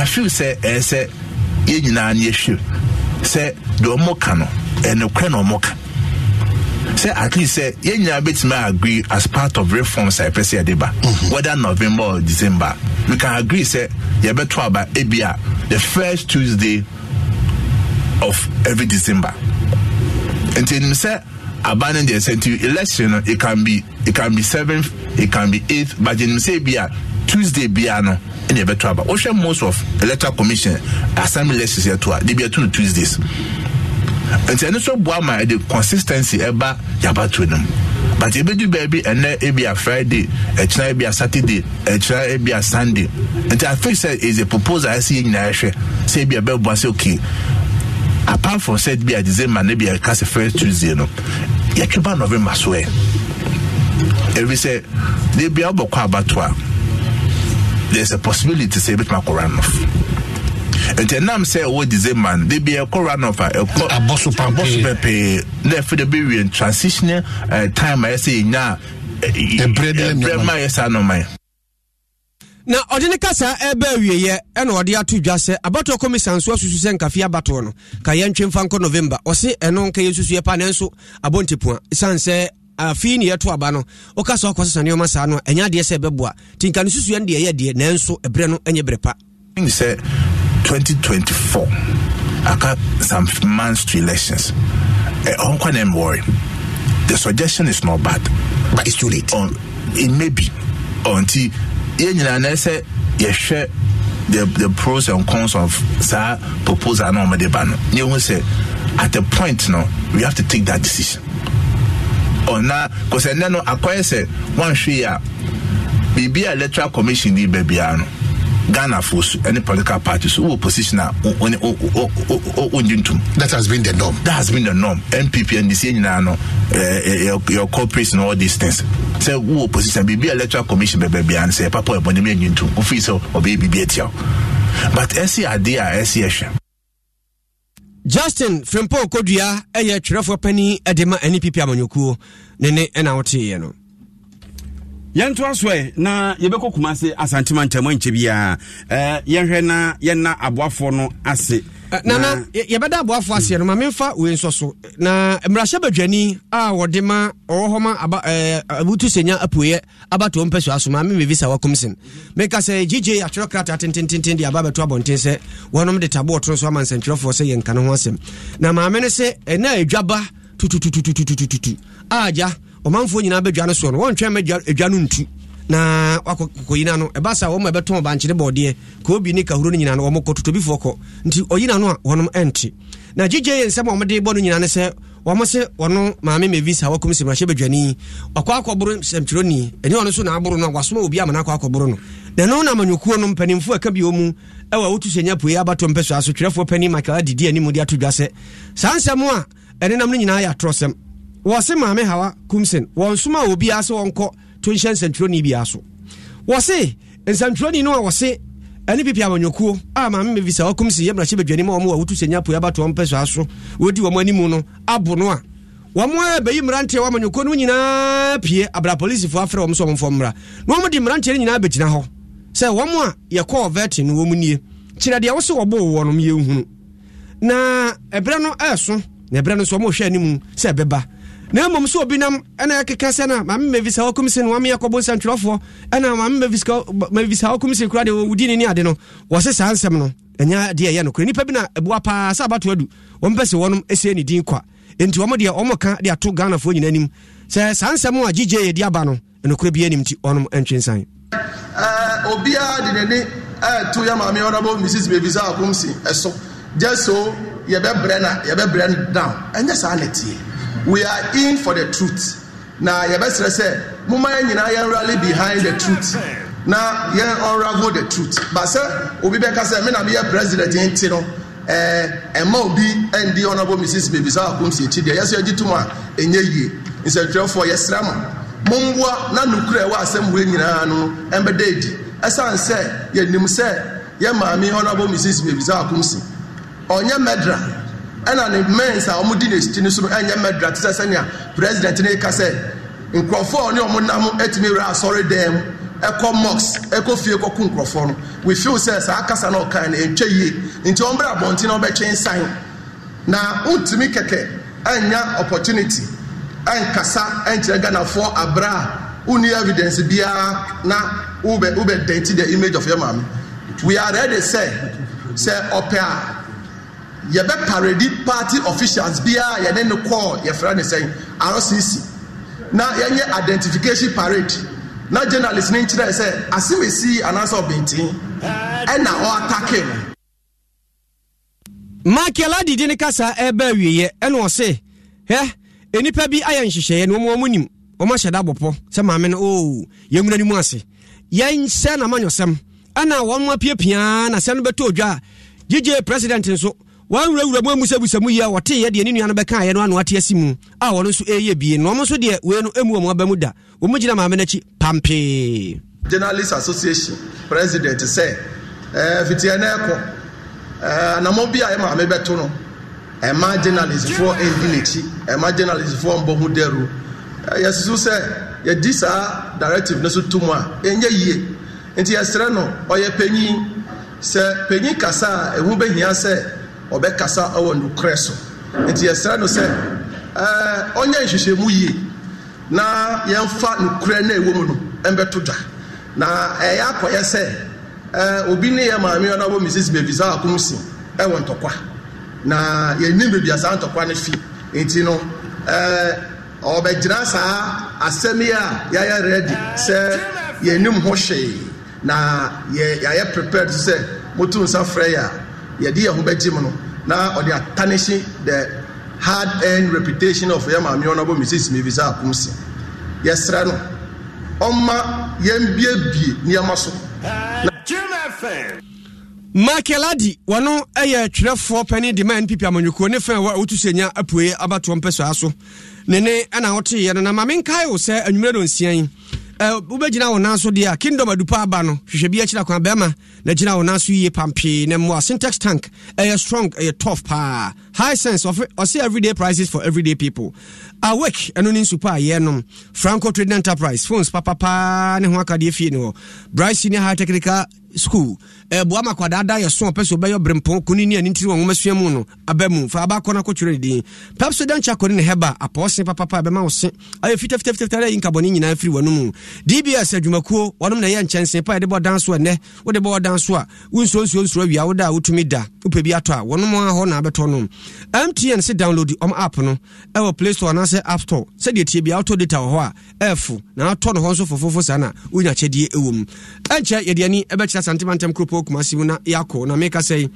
afiw sɛ ɛyɛ sɛ yɛn nyinaa ne ahwiw sɛ deɛ ɔmo ka no ɛnokorɛ na ɔmo ka sɛ at least sɛ yɛn nyinaa bɛtumi agree as part of reforms a yɛpɛ sɛ yɛde ba mhm. whether november or december we can agree sɛ yɛbɛto aba ebi a the first tuesday of every december nti nim sɛ aba no deɛ sɛ nti election no it can be it can be seventh it can be eighth but nim sɛ ebi a tuesday bia no ɛna ɛbɛtɔ aba wohwɛ most of electoral commission assembly elections yɛto a de bi ɛto no tuesdays nti ɛno nso boa ma ɛde consistency ɛba yabatoɔ no mu but ebedu baabi ɛnɛ ebi a friday ɛkyina ebi a saturday ɛkyina ebi a sunday nti i think say is a proposal ɛsi yɛ nyinaa ɛhwɛ sɛ ebi a bɛɛ bua sɛ okay apart from sɛ bi a december ne bi a ɛka sɛ first tuesday no yɛtwe ba november so ɛ ebi sɛ de bi a ɔbɛkɔ abatoa there's a possibility sɛ ebitumi akɔ runoff nti ɛnam sɛ ɛwɔ december no de bi ɛkɔ runoff a ɛkɔ abɔso pɛpɛɛ na ɛfɛ de bi wie transitional uh, eh, time a ɛsɛ yɛnya eh, ɛbrɛ eh, ma yɛ saa nɔma na ɔde ne kasa ɛbɛ awieɛ ɛna ɔde ato dwa sɛ abatoɔ komisa nso asusu sɛ nkafe abatoɔ no ka yɛntwe mfa nkɔ november ɔse ɛno nka yɛnsusuɛ pa nanso abɔntepua ɛsiane sɛ afei ne yɛto aba no woka so akɔ sesa nneɔma saa no a ɛnyɛ adeɛ sɛ ɛbɛboa nti nka no susua no deɛ ɛyɛ deɛ nanso ɛberɛ no ɛnyɛ berɛ pa sɛ 2024 aka some months to elections ɛhɔ ne mwɔre the suggestion is not bad but it's too late um, it may be ɔnti yɛn nyinaa na sɛ yɛhwɛ the the pros and cons of saa proposal na ɔmo de ba no at the point no we have to take that decision ɔna kɔsɛ nnɛ no akɔyɛ sɛ wanhwee a biribi a electoral commission yi baabiara no ghanafoɔ so ɛne political party so wowɔ position a wonye ntom that has been the norm that has been the norm npp ndc nyinaa no eh, eh, eh, your corporates and all these things sɛ wowɔ position biribi a electoral commission bɛbɛbiara no sɛ ɛpapa ɛbɔnem yɛnye ntom wofii sɛ ɔbɛyɛ biribi atia but ɛsi adeɛ a ɛsi ɛhwɛ justin frimpo kodua ɛyɛ twerɛfoɔ pani de ma npp amanyɔkuo ne ne ɛna woteeɛ no yɛnto asoɛ na yɛbɛkɔ kuma ase asantema ntamu ankyɛ biaa yɛnhwɛ na yɛna aboafoɔ no ase nana eh, yɛbɛda aboafoɔ aseɛ no ma memfa wei nsɔ so na mmarahyɛ badwani a wɔde ma ɔwɔ hɔ ma eh, abutu sɛnya apueɛ abatoɔ mpɛ so aso ma memɛvisa wakomsen meka sɛ gyigye atwerɛ krata tentententen de aba bɛto abɔnten sɛ wɔnom de taboɔ toro so ama nsɛntwerɛfoɔ sɛ yɛnka no ho asɛm na maame no sɛ ɛna adwaba tutututututututu a agya ɔmanfoɔ nyinaa bɛdwa no soɔ no wɔntwɛn ma adwa no ntu na wakɔyi na no ɛba e sa wɔn ɛbɛtɔn e bankyere bɔɔdeɛ ka obi ne e, kahuro no nyinaa no wɔn kɔ totobifoɔ kɔ nti ɔyi no a wɔn ɛnte na gyigye yɛ nsɛm a wɔn de bɔ no nyinaa ne sɛ wɔn se wɔn maame mevi sa wɔkɔm sɛ mmarahyɛ badwani ɔkɔ akɔboro nsɛmtwerɛni ɛne ɔno nso n'aboro no a wasoma obi ama n'akɔ akɔboro no na ɛno na amanyɔkuo no mpanimfoɔ ɛka bi wɔ mu ɛwɔ wotu sɛ nya pue abatɔ mpɛ aso twerɛfoɔ panin michael adidi anim de ato dwa sɛ saa nsɛm a ɛnenam no nyinaa yɛ atorɔsɛm wɔse maame hawa kumsen obi obiara sɛ wɔnkɔ tonhyɛ nsɛntwerɛni biara so wɔse nsɛntwerɛni no a wɔse ɛne pipi amanyɔkuo a maame mebi sɛ wakom si yɛmrahyɛ badwani ma ɔm a wotu sɛ nyapoi abatoɔ mpɛ saa so wɔdi wɔm animu no abo no a wɔmo a bɛyi mmeranteɛ wɔ amanyɔkuo no nyinaa pie abra abrapolisifoɔ afrɛ wɔm sɛ ɔmfɔ mmra na wɔmde mmeranteɛ no nyinaa bɛgyina hɔ sɛ wɔm a yɛkɔɔ vɛte no wɔm nie kyerɛ deɛ wo sɛ wɔbɔwɔ nom yɛhunu na ɛberɛ no ɛɛso na ɛberɛ no nso ɔmɔhwɛ animu sɛ ɛbɛba na mmom sɛ obi nam ɛna ɛkeka sɛ no mame mavisa wakom se no wame akɔbo nsɛntwerɛfoɔ ɛna mame mavisa wakom se kora deɛ wɔwudi ne ne ade no wɔse saa nsɛm no ɛnyɛ deɛ ɛyɛ nokorɛ nnipa bi na ɛboa paa sɛ abato adu wɔmpɛ sɛ wɔnom ɛsɛ ne din kwa enti wɔm deɛ ɔmɔka de ato ghanafoɔ nyina anim sɛ saa nsɛm a gyigye yɛde aba no ɛnokorɛ bi anim nti ɔnom ɛntwensan eh, obiara de n'ani ɛɛto yɛ maame ɔnabɔ mrs mavisa wakom se ɛso gye so yɛbɛbrɛ na yɛbɛbrɛ no down ɛnyɛ saa nɛteɛ we are in for the truth na yɛbɛsrɛ sɛ moma yɛn nyinaa yɛn rally behind the truth na yɛn unravel the truth ba sɛ obi bɛka sɛ me na meyɛ president nti no ɛɛ eh, ɛma obi ɛndi honourable mrs bebisa akomsi eti deɛ yɛsɛ yɛgye tom a ɛnyɛ yie nsɛntwerɛfoɔ yɛsrɛ mo momboa na nokura ɛwɔ asɛm wei nyinaa no ɛmbɛda edi ɛsan sɛ yɛnim sɛ yɛ maame honourable mrs bebisa akomsi ɔnyɛ mɛdra ɛna ne a wɔn di so ɛnyɛ te sɛ sɛnea president ne ka etumi wura asɔre ɛkɔ mɔks ɛkɔ fie nkurɔfoɔ no we feel sɛ saa kasa na ɔkan no ɛntwa yie nti wɔn bɛrɛ na wɔbɛtwe nsan na ntumi kɛkɛ ɛnya opportunity ɛnkasa ɛnkyerɛ ghanafoɔ abira a wonni evidence biara na wobɛ wobɛ dɛnti the image of your maame we are ready sɛ yɛbɛ paredi party officials biara yɛne no kɔɔ yɛfrɛ ne sɛn rcc na yɛnyɛ identification parade na journalist ne nkyerɛ sɛ asemesi anaasɛ ɔbɛntin ɛna ɔatake no makiala didi ne kasa ɛbɛ awieɛ ɛna ɔse hɛ nnipa bi ayɛ nhyehyɛeɛ na ɔmɔ mu nim ɔma hyɛ da bɔpɔ sɛ maame no oo yɛnwura no mu ase yɛnhyɛ namanyɔsɛm ɛna wɔn apiapiaa na sɛ no bɛtɔ odwa gyigye president nso wɔnwurawura mu amusabusamu yi a wɔteyɛ deɛ ne nua no bɛka yɛ no ano ate asi mu a wɔno nso ɛyɛ bie no ɔmo nso deɛ wei no ɛmu ɔmo mu da wɔmu gyina maame no akyi pampee journalist association president sɛ fitiɛ no ɛkɔ anamɔ bi a ɛ maame bɛto no ɛma journalistfoɔ ɛndi n'akyi ɛma journalistfoɔ mbɔ ho dɛro yɛsusu sɛ yɛdi saa directive no so to mu a ɛnyɛ yie nti yɛsrɛ no ɔyɛ panyin sɛ panyin kasa a ɛho bɛhia sɛ ɔbɛkasa ɛwɔ nukurɛ so nti yɛsrɛ no sɛ ɛɛ ɔnyɛ nhyehyɛmu yie na yɛnfa nukurɛ na ɛwɔ mu no ɛnbɛto dwa na ɛyɛ akɔyɛ sɛ ɛɛ obi ne yɛ maame ɔna wɔ mrs baby saa si ɛwɔ ntɔkwa na yɛnim baby asaa ntɔkwa no fi nti no ɛɛ ɔbɛgyina saa asɛm yi a yɛayɛ rɛdi sɛ yɛnim ho hwee na yɛ yɛayɛ prepared sɛ motu nsa frɛ yɛ a yɛde yɛn ho bɛgye mu no na ɔde atanehye the hard earned reputation of yɛn maame honourable mrs mivisa akumsi yɛsrɛ no ɔma yɛn biebie nneɛma so. michael adi wɔno yɛ twerɛfoɔ pani de ma npp amanyɔkuo ne fɛn wɔ a wotu sɛnya apue abatoɔ mpɛsoa so ne ne ɛna woteeɛ no na ma menkae wo sɛ anwummerɛ no nsia yi wobɛgyina wo nan so deɛ a kingdom adupa aba no hwehwɛ bi akyira kwan bɛrima na gyina wo nan so yie pampee na mmoa syntax tank ɛyɛ strong ɛyɛ tough paa high sense ɔse everyday prices for everyday people awake ɛno ne nsupa a yɛnom franco trading enterprise phones papapaa ne ho akadeɛ fie ne hɔ bright senior high technical school ɛboa ma akwadaa da yɛ so a ɔpɛ sɛ ɔbɛyɛ ɔbrempɔn ko ne ni ani ntiri wɔ nwoma sua mu no aba mu fa aba akɔ no akɔtwerɛ deden pɛp so dankyi akɔne ne hɛba apɔɔse papapa ɛbɛma wo se ayɛ fitafitafitafita dɛ yi nkabɔne nyinaa firi wɔno mu dbs adwumakuo wɔnom na ɛyɛ nkyɛnse pa yɛde bɔ dan so ɛnɛ wode bɔ dan so a wonsuonsuro nsuro awia wo a wotumi da wopɛ bi atɔ a wɔnom a hɔ na abɛtɔ no mtn se download ɔm app no ɛwɔ play store anaasɛ app store sɛdeɛ tie bia wotɔ data wɔ hɔ a ɛɛfo na atɔ no hɔ nso fofofo saa na wonya kyɛdeɛ ɛwɔ mu ɛnkyɛ yɛde ani ɛbɛkyerɛ santemantɛm kuropɔn ɛwɔ kumasi mu na yɛakɔ na meka sɛ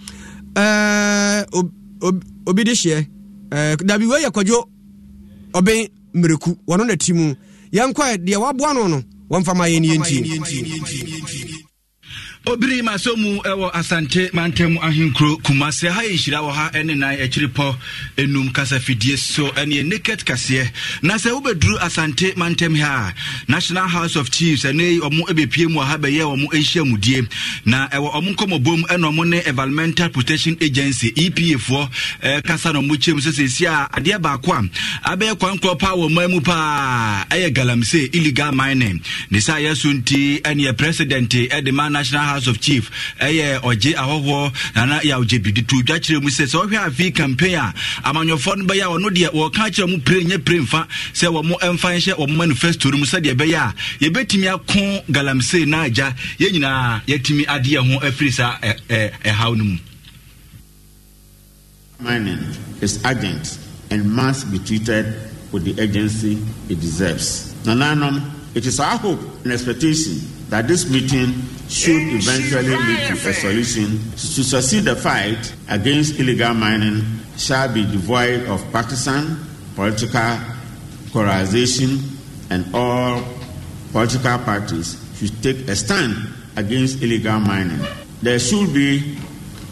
ɛɛ obi de hyeɛ ɛɛ dabi wei yɛ kwadwo ɔbɛn mmereku wɔn na ti mu yɛn kɔ deɛ waboa no no wɔn fama yɛn ni yɛn tie obiri maso mu ɛwɔ asante mantam ahenkuro kumase ha yɛ nhyira wɔ ha ɛne nan akyiripɔ enum kasafidie so ɛne naked kaseɛ na sɛ wobɛduru asante mantam ha a national house of chiefs ɛne ɔmo ɛbɛpie mu ɔha bɛyɛ ɔmo ahyia mudie na ɛwɔ ɔmo nkɔmmɔbom ɛna ɔmo ne environmental protection agency epa foɔ ɛɛ e, kasa na ɔmo kyɛm so sɛsi a adeɛ baako a abɛyɛ kwan paa wɔ mmaa mu paa ɛyɛ galamsey illegal mining ne saa yɛ so nti ɛne president ɛde e, ma national house of chief ɛyɛ ɔgye ahɔhoɔ nana yɛ ɔgye bi to dwa kyerɛ mu sɛ sɛ ɔhwɛ afi campaign a amanyɔfoɔ no bɛyɛ a ɔno deɛ wɔka kyerɛ mu pere nyɛ pere mfa sɛ wɔn mfa nhyɛ wɔn manifesto no mu sɛdeɛ ɛbɛyɛ a yɛbɛtumi ako galamsey na yɛn nyinaa yɛtumi adeɛ ho afiri saa ɛhaw no mu. mining is urgent and must be treated with the urgency it deserves. Nananom, it is our hope and expectation that this meeting should eventually lead to a solution to succeed the fight against illegal mining shall be devoid of partisan, political polarization, and all political parties should take a stand against illegal mining. There should be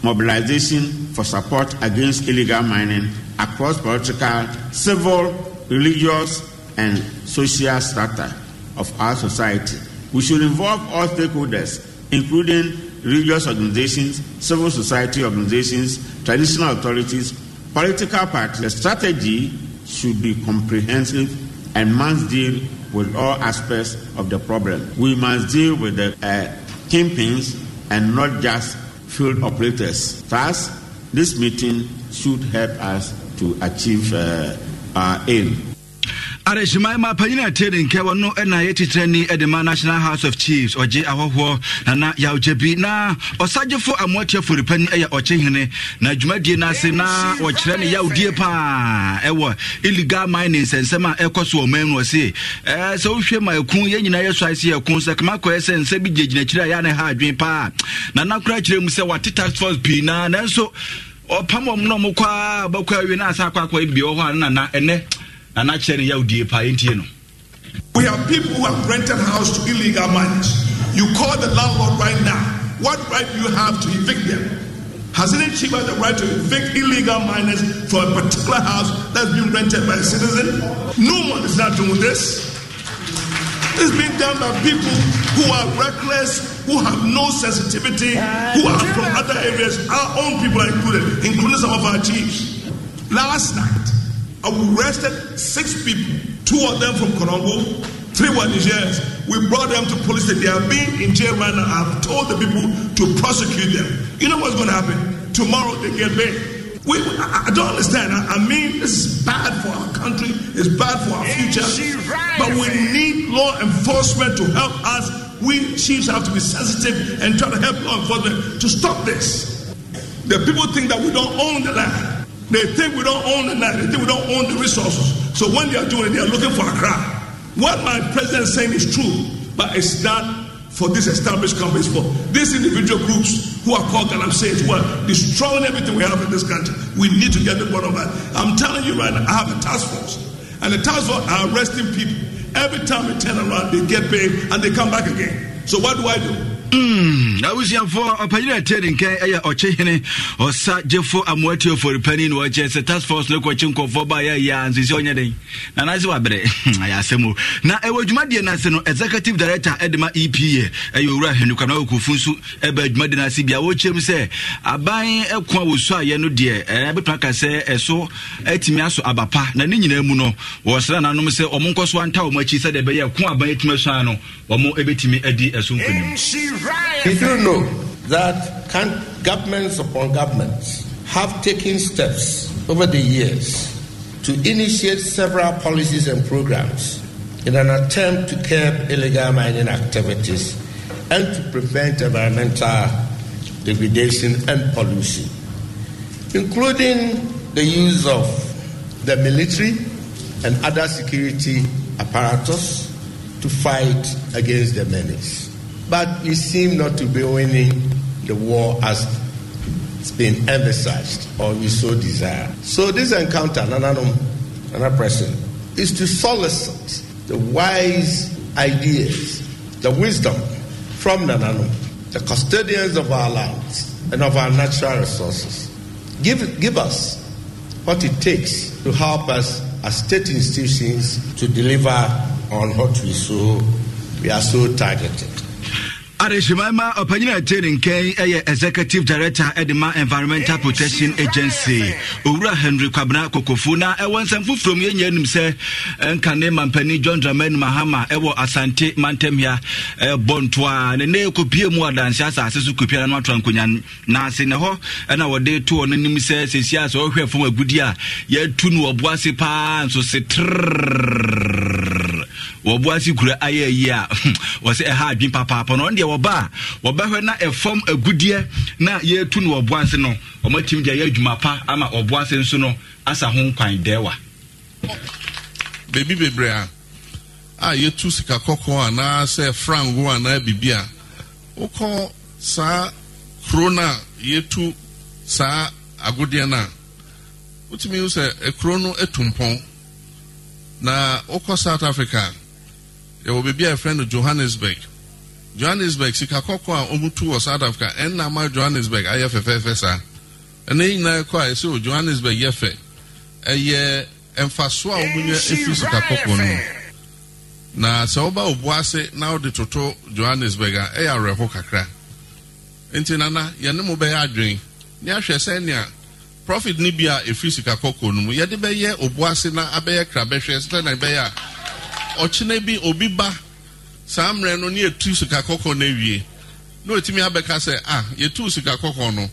mobilization for support against illegal mining across political, civil, religious, and social strata of our society. We should involve all stakeholders, including religious organizations, civil society organizations, traditional authorities, political parties. The strategy should be comprehensive and must deal with all aspects of the problem. We must deal with the uh, kingpins and not just field operators. Thus, this meeting should help us to achieve uh, our aim. adehyiman ma panyin a ɛtie ne nkɛ na ɛna yɛtitire ni ma national house of chiefs ɔgye ahɔhoɔ na yawogya bi na ɔsagyefo amoatiafo repani ɛyɛ na dwumadie no ase na wɔkyerɛ ne yawodie paa ɛwɔ illegal mining nsɛnsɛm a ɛkɔ so wɔ man mu ɔse sɛ wohwɛ ma ɛku yɛn nyinaa yɛsɔ ase ɛku sɛ kama kɔɛ sɛ nsɛ bi gyinagyina a yɛa ne ha adwen paa Na kora kyerɛ mu sɛ task force pii nanso ɔpam wɔ m no ɔmo asa akɔ akɔ bibia wɔ nana ɛnɛ na ne paa ntie no. we have people who have rented house to illegal minors you call the landlord right now what right do you have to evict them has any chief had the right to evict illegal minors for a particular house that's being rented by a citizen no one is not doing this it's being done by people who are reckless who have no sensitivity who are from other areas our own people are included including some of our chiefs last night and we arrested six people, two of them from Congo, three were Nigerians. We brought them to police station. They are being in jail right now. I've told the people to prosecute them. You know what's going to happen? Tomorrow they get bail. We, I, I, don't understand. I, I, mean, this is bad for our country. It's bad for our future. but we need law enforcement to help us. We chiefs have to be sensitive and try to help law enforcement to stop this. The people think that we don't own the land. They think we don't own the land. They think we don't own the resources. So when they are doing it, they are looking for a crowd. What my president is saying is true, but it's not for these established companies, for these individual groups who are called and i saying who are destroying everything we have in this country. We need to get the bottom line. I'm telling you right now, I have a task force, and the task force are arresting people. Every time we turn around, they get paid and they come back again. So what do I do? Mm, abusuafoɔ ɔpanyini ɛte ne nke ɛyɛ ɔkyehene ɔsa gyefo amoatiofori pani na ɔkyɛ sɛ task force no kɔkye nkɔfoɔ ba yɛ yia nso sɛ ɔnyɛ den nanase wabrɛ <laughs> ayɛ asɛm o na ɛwɔ adwumadeɛ no ase no executive director ɛde ma epa ɛyɛ owura hwenukwa na wɔkɔfu nso ɛba no ase bia sɛ aban ɛko a wɔsu ayɛ no deɛ sɛ ɛso aso aba pa na ne nyinaa mu no wɔsra nanom sɛ ɔmo nkɔ so anta m ɛbɛyɛ ko aban Did you know that governments upon governments have taken steps over the years to initiate several policies and programs in an attempt to curb illegal mining activities and to prevent environmental degradation and pollution, including the use of the military and other security apparatus to fight against the menace. But we seem not to be winning the war as it's been emphasized or we so desire. So this encounter, Nananum, another person, is to solicit the wise ideas, the wisdom from Nananum, the custodians of our lands and of our natural resources. Give, give us what it takes to help us as state institutions to deliver on what we so we are so targeted. adehyimaima ɔpanyina uh, ɛte ne nkɛn ɛyɛ uh, executive director ɛde ma environmental protection agency owura henry kwabena kokofu na ɛwɔ uh, nsɛm foforom yɛnya anim sɛ nkane mampani john dramani mahama ɛwɔ asante mantamhia ɛbɔ ntoa ne kɔpie mu adanse asase so kɔpia no atoa nkonyan naase ne hɔ ɛna wɔde to no nim sɛ sesia sɛ ɔhwɛ agudi a yɛatu no wɔboa se paa nso se trrr wɔba a wɔbɛhwɛ na ɛfam agudeɛ na yɛtu no ɔboa nse no ɔmatumi de ayɛ adwuma pa ama ɔboa nse nso no asa ho nkwan dɛwa baabi bebree a a yɛtu sika kɔkɔɔ anaa sɛ frango anaa biribi a wokɔ saa kuro no a yɛtu saa agodeɛ no a wotumi wo sɛ ekuro no etu mpɔn na wokɔ south africa yɛwɔ baabi a yɛfrɛ no johannesburg johannesburg sika kɔkɔ a wɔmutu wɔ south africa ɛnna ama johannesburg ayɛ fɛfɛɛfɛ saa ɛnna yìí nyinaa kɔ a ɛsɛ o johannesburg yɛ fɛ ɛyɛ mfaso a wɔn nyɛ efi sika kɔkɔ no na sɛ ɔba obu ase na ɔde toto johannesburg a ɛyɛ awerɛho kakra nti nana yɛne mo bɛyɛ adwene ne ahwɛ sɛ nea profit ni bi a efi sika kɔkɔ no mu yɛde bɛyɛ obu ase na abɛyɛ kra sɛ na ɛbɛyɛ a ɔkyena bi obi ba saa mmerɛ no ne yɛtu sika kɔkɔɔ no awie na ɔtumi abɛka sɛ ah yɛtu sika kɔkɔɔ no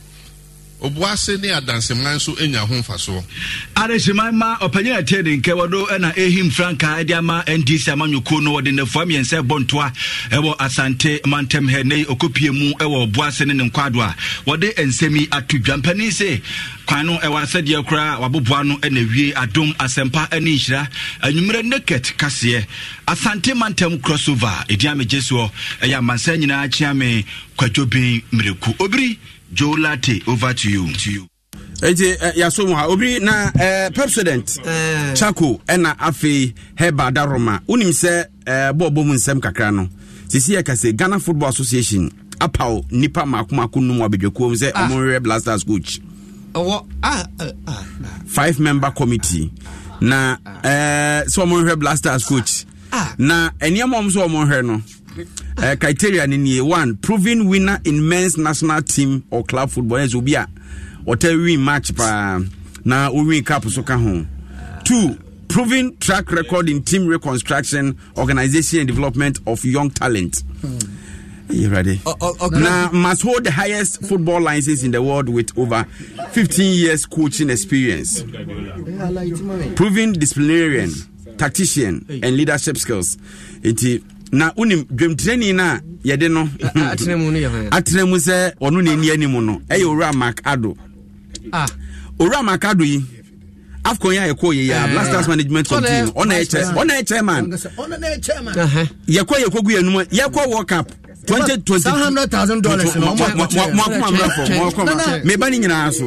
obuase ne adanseman nso nya ho mfasoɔ adanseman ma ɔpanyin a ɛtee de nkɛ wɔdo ɛna ehim frankaa ɛde ama ndc amanyɔkuo no wɔde nnafua mmiɛnsa ɛbɔ ntoa ɛwɔ asante mantam hɛ ne okopie mu ɛwɔ obuase ne ne nkwado a wɔde nsɛm yi ato dwampanin se kwan no ɛwɔ asɛdeɛ koraa waboboa no ɛna wie adom asɛmpa ɛne nhyira anwummerɛ naked kaseɛ asante mantam crossover ɛdi amegye soɔ ɛyɛ amansa nyinaa kyea me kwadwo bin mmerɛku obiri joe latte over to you. To you. nti eh, yɛaso ha obi na eh, pepsodent eh. chako ɛna afei heba daroma wonim sɛ bɔɔbɔ mu nsɛm kakra no sisi yɛka sɛ ghana football association apaw nipa maakomaako nom abadwakuom sɛ ah. ɔmorerɛ blasters coach Oh ah ah. five member committee na ah. sɛ ɔmonhwɛ blasters coach ah. na ɛnneɛma ɔm sɛ ɔmonhwɛ no uh, criteria no nie one proven winner in men's national team or club football ɛsɛ obi a ɔtɛ win match paa na owin cup so ka ho two proven track record in team reconstruction organization and development of young talent You ready? oh, okay. Now, must hold the highest football license in the world with over 15 years coaching experience. Proven disciplinarian, tactician, and leadership skills. It na wonim dwamtirani no a yɛde no atena mu sɛ ɔno na ɛni anim no ɛyɛ owura makado owura macado yi afcon yɛ a yɛkɔɔ yɛ yɛa blasters management team ɔna ɛkyɛ man yɛkɔ yɛkɔgu yɛnum yɛkɔ world cup 2020 meba ne nyinaa so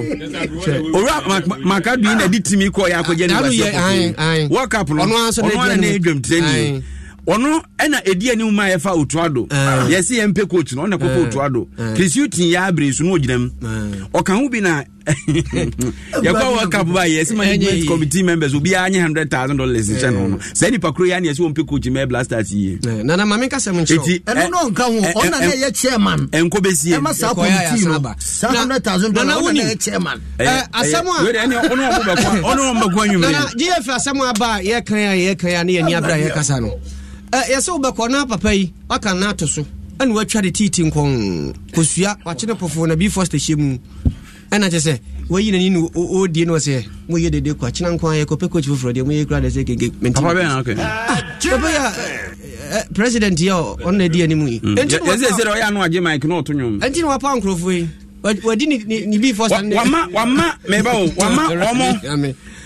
owura macado yi na de timi kɔɔ yɛ akɔgya ne world cup no ɔno ara na ɛyɛ dwamtirani ɔno ɛna ɛdi anim ma yɛfa otuado eh. eh. yɛsi yɛn mpɛ coach no ɔna kɔkɔ otuado eh. kirisiutin yɛ abere so no ogyina mu ɔka ho bi na <laughs> yɛkɔ world cup ba yɛsi ma yɛn committee members obiara nye 100000 dollars nhyɛ no no sɛ nipa koro yɛ ani yɛsi wɔn coach mɛ blasters yie. nana maame n'o nka ho ɔna ne yɛ chairman ɛnko bɛ sie no chairman. a aba kan kan kasa no. yɛsɛ na papa yi waka na ato so ɛne watwa de tiiti kɔsua wakyene na bifo stahyɛ mu ɛna kyɛ sɛ wayi nani ɔdie no sɛ moyɛ dede kɔ akyena ayɛ kɔpɛ coach foforɔ deɛ moyɛ kora hmm. yɛ di anim ɛnti wapa nkurɔfoɔ yi wadi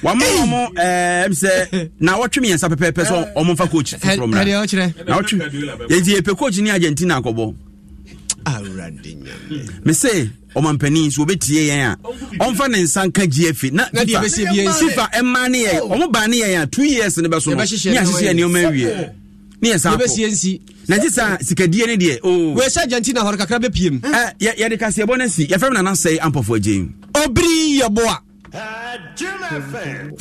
wama wɔn ɛɛm eh, na wɔtwe mmiɛnsa pɛpɛɛpɛ eh, coach eh, foforɔ na wɔtwe yɛnti yɛpɛ coach ne argentina akɔbɔ mese ɔmampanin so obɛtie yɛn a ɔmfa ne na fifa ɛma ne yɛ oh. ɔmo ba ne yɛ two years ne bɛ so no ne ahyehyɛ nneɛma awie ne yɛ saa kɔ na gye saa sikadie ne deɛ nana sɛe ampɔfoɔ agyeim ɔbiri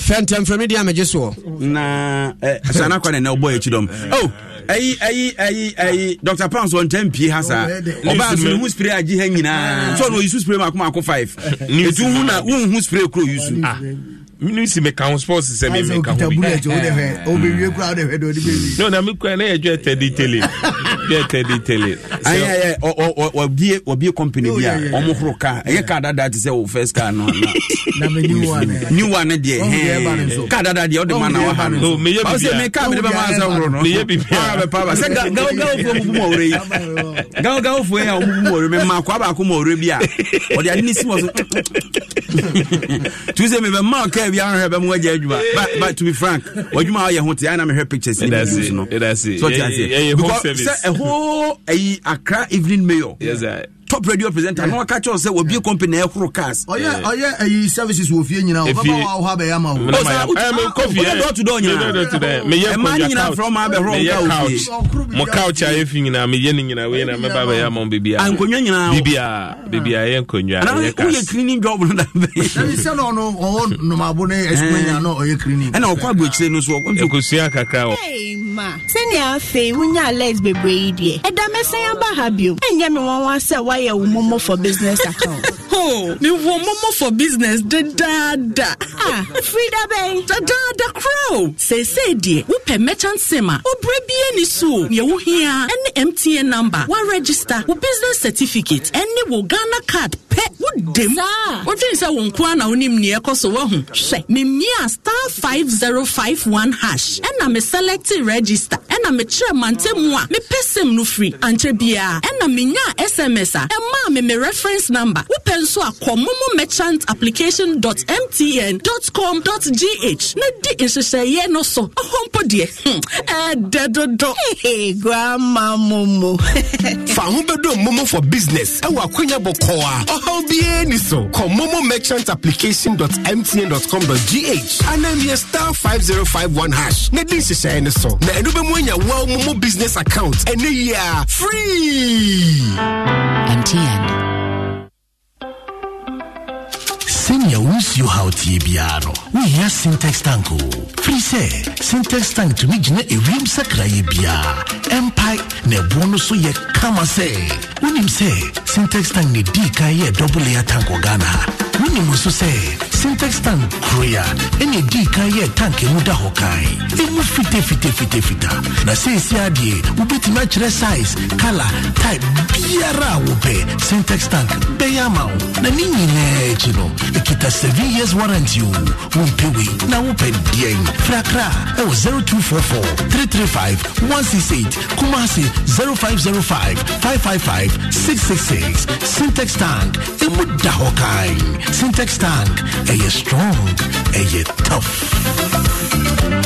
fɛntɛmfrɛmi deɛ amegye soɔ na eh, sana kwa ne nɛ wobɔ akyi dɔm eh. o oh, ayi ayi ayi ayi dr pounds ɔntam pie ha saa oh, eh, ɔbaa ah? ah. so ne ho spray agye ha nyinaa sɛ ɔne ɔyisu spray maako maako 5 ɛtu hu na wonhu spray kuro yusu mini si meka ho sports sɛ me meka ho bi no na mekura na yɛdwɛ tɛdi tele dwɛ tɛdi tele wabie wabie company oh, bi ya a ɔmo horo ka ɛyɛ kaa dada te sɛ wo first car no <laughs> eh. new one ne deɛ kaa dada deɛ wode ma na waha no sɛ meka mede bɛma sɛ horo no sɛ gawogawofoɔ mubu ma wrɛ yi ya yi a ɔmubu ma wrɛ mema akoa baako ma wrɛ bi a ɔde ade ne si wɔ so tu sɛ mebɛma ɔkɛ ɔyɛ bia ɔhwɛ bɛ mu wagya adwuma but but to be frank wadwuma ɔyɛ ho te ɛna mehwɛ pictures ni videos no so ti ase because sɛ ɛho ayi akra evening mayor. Yes, top radio presenter na waka kyerɛ sɛ wɔbie company ɛhoro cars ɔyɛ ɔyɛ ayi services wɔ fie nyinaa ɔbɛba wɔ ahɔ abɛyɛ ama wo wodɛ dɔɔto dɔɔ nyinaa ɛma ne nyinaa frɛ ma abɛhorɔ wo mo couch a yɛfi nyinaa meyɛ no nyinaa wei na mɛba bɛyɛ ama wo bebia oh, ankonnwa eh, ah, nyinaa bibia bibia ah. yɛ nkonnwa yɛ cars woyɛ cleaning job no <laughs> sɛ no ɔno ɔwɔ nomabo ne explainer eh. na ɔyɛ cleaning ɛna ɔkɔ aburokyire no so ɛkɔsua kakra wɔ sɛnea afei wonya legs bebree yi deɛ ɛda mɛsɛn aba ha bio ɛnyɛ me wɔnwa sɛ why a woman for business account? o mi wọ mọmọ for business de daada. Ah, frida bẹyì. dadaada kúrò. sèse deɛ wopɛ merchant sim a obìnrin bíyẹn ni so yẹwò hìá ɛne mtn number wa register wo business certificate ɛne wo ghana card pɛ wo dem. saa wotí sɛ wọn kó ana onim ni ɛkɔ e so wɔn ho hwɛ mimia star five zero five one hash ɛna mi select register ɛna mi kyerɛ mantemu a mi pɛ sim no free ankyɛ biara ɛna mi nya sms a ɛmaa mi mi reference number wopɛ nso nso a momo merchant application dot mtn dot com dot gh na di nhyehyɛeɛ no so ɔhɔ mpo deɛ hmm, ɛɛdɛ dodo. guama momo. <laughs> fa ho bɛdɔ momo for business ɛwɔ akonya bɔkɔɔ a ɔhaw biara ni so kɔ momo merchant application dot mtn dot com dot gh anamia star five zero five one hash na di nhyehyɛeɛ no so na ɛno bɛ anya wɔn momo business account ɛnɛ yia free. MTN sɛnea wo nsuo haw tie biara no wohia sintex tank o firi sɛ sintex tank tumi gyina ewiem sakrayɛ biara ɛmpae na ɛboɔ no so yɛ kama sɛ wonim sɛ sintex tank ne dii kan yɛ dɔbleya tank wɔ ghana wonim nso sɛ syntex tank kuroa ɛne di kan yɛɛ tank mu da hɔ kae ɛmu fitafitafitafita na seesia deɛ wobɛtumi akyerɛ size kala type biara a wopɛ syntex tank bɛyɛ ama wo na ne nyinaa akyi no ɛkita e 7 years warranty o wompɛ wei na wopɛ deɛn frakra ɛwɔ 0244 335 168 kumase 0505 555 666 syntex tank ɛmu da hɔ kae Syntex Tank, a strong, a tough.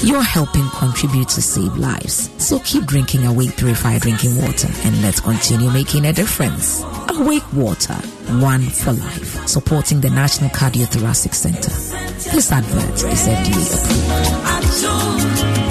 you're helping contribute to save lives. So keep drinking Awake Purified Drinking Water and let's continue making a difference. Awake Water, one for life. Supporting the National Cardiothoracic Center. This advert is FDA approved.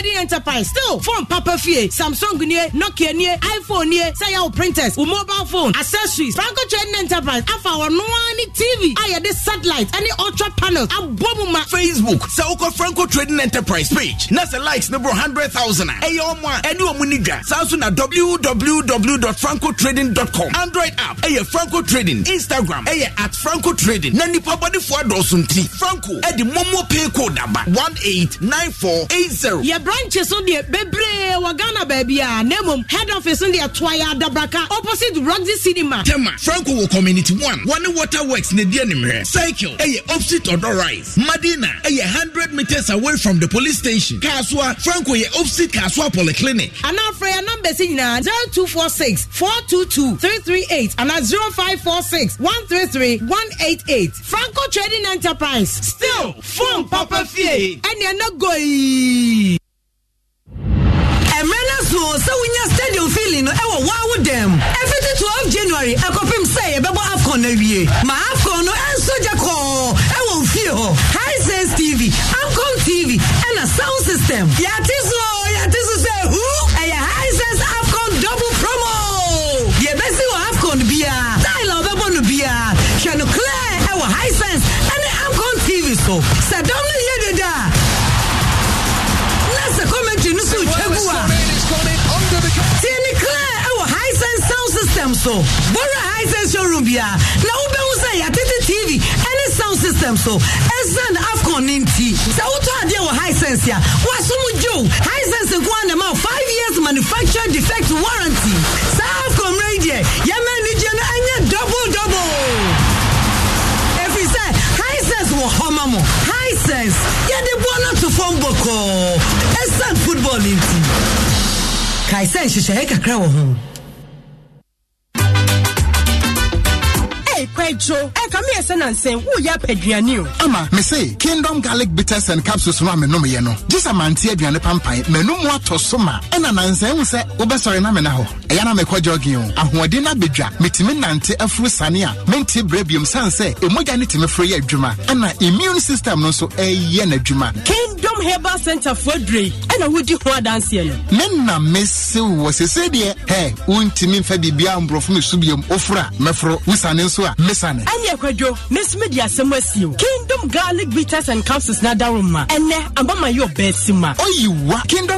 trading enterprise still phone papa fee samsung nie nokia nie iphone nie sayo printers wo mobile phone accessories franco trading enterprise afa wɔn ani tv a yɛde satellite any ultra panels abɔ ma. facebook sɛ wokɔ franco trading enterprise page na sɛ likes ne boro hundred thousand a ɛyɛ ɔmo a ɛne ɔmo ni dwa saa nso na www.francotrading.com android app ɛyɛ franco trading instagram ɛyɛ at franco trading nani nipa bɔdefoɔ adɔɔso nti franco ɛde momo pay code aba one eight nine four eight zero branches so deɛ bebree wɔ ghana baabi a na mmom head office so deɛ toa yɛ adabraka opposite roxy cinema tema franco wɔ community one wɔne water works ne deɛ nimmerɛ cycle ɛyɛ opposite ɔdɔ rise madina ɛyɛ hundred meters away from the police station kasoa franco yɛ opposite kasoa polyclinic anaafrɛ yɛ numbers nyinaa zero two four six four two two three three eight ana zero five four six one three three one eight eight franco trading enterprise still phone papa fie ɛnna ɛna goyi no sɛ wonya stadium feeling no ɛwɔ waa wo dɛm ɛfiti 12 january ɛkɔpem sɛ yɛbɛbɔ afcon no awie ma afcon no ɛnso gya kɔɔ ɛwɔ mfie hɔ hisense tv amcom tv ɛna sound system yɛate so yɛate so sɛ hu ɛyɛ hisense afcon double promo yɛbɛsi wɔ afcon biara tile a wɔbɛbɔ no biara hwɛ no clear ɛwɔ hisense ɛne amcom tv so sɛ system so bora hisense showroom bia na wobɛhu sɛ yɛatete tv ɛne sound system so ɛsan afcon ne nti sɛ wotɔ adeɛ wɔ hisense a woasom gye wo hisense nko a nama 5 years manufacture defect warranty saa afcon mmerɛ yi deɛ yɛma anigye no ɛnyɛ double double ɛfiri sɛ hisense wɔ hɔ ma mo hisense yɛde boɔ no to fam bɔkɔɔ ɛsan football nti kae sɛ nhyehyɛeɛ kakra wɔ ho ɛtwo ɛka meyɛ sɛ nansɛn woyɛ apɛduane o ama me se kingdom garlic bitters and capsules no a menomyɛ no gye sɛ mante aduane pampan m'anom atɔ so ma ɛna nansɛn hu sɛ wobɛsɔre na mena hɔ ɛyɛ na mekɔ jɔgin o ahoɔden no abɛdwa metumi nante afuru sane a mente berɛ biom sane sɛ ɛmogya no tumi foro yɛ adwuma ɛna immune system no nso ɛyɛ n'adwuma kingdom herbal center fo adurei ɛna wodi ho adanseɛ no ne na mese wɔ sɛ sɛdeɛ hɛ wontumi mfa biribia mborɔfo me so biom woforo a mɛforo wosane sane ɛne akwadwo mesu mede asɛm asio kingdom garlic bitters and capsules na adaworoma ɛnɛ abama yɛ ɔbaa si ma ɔyiwa kingdom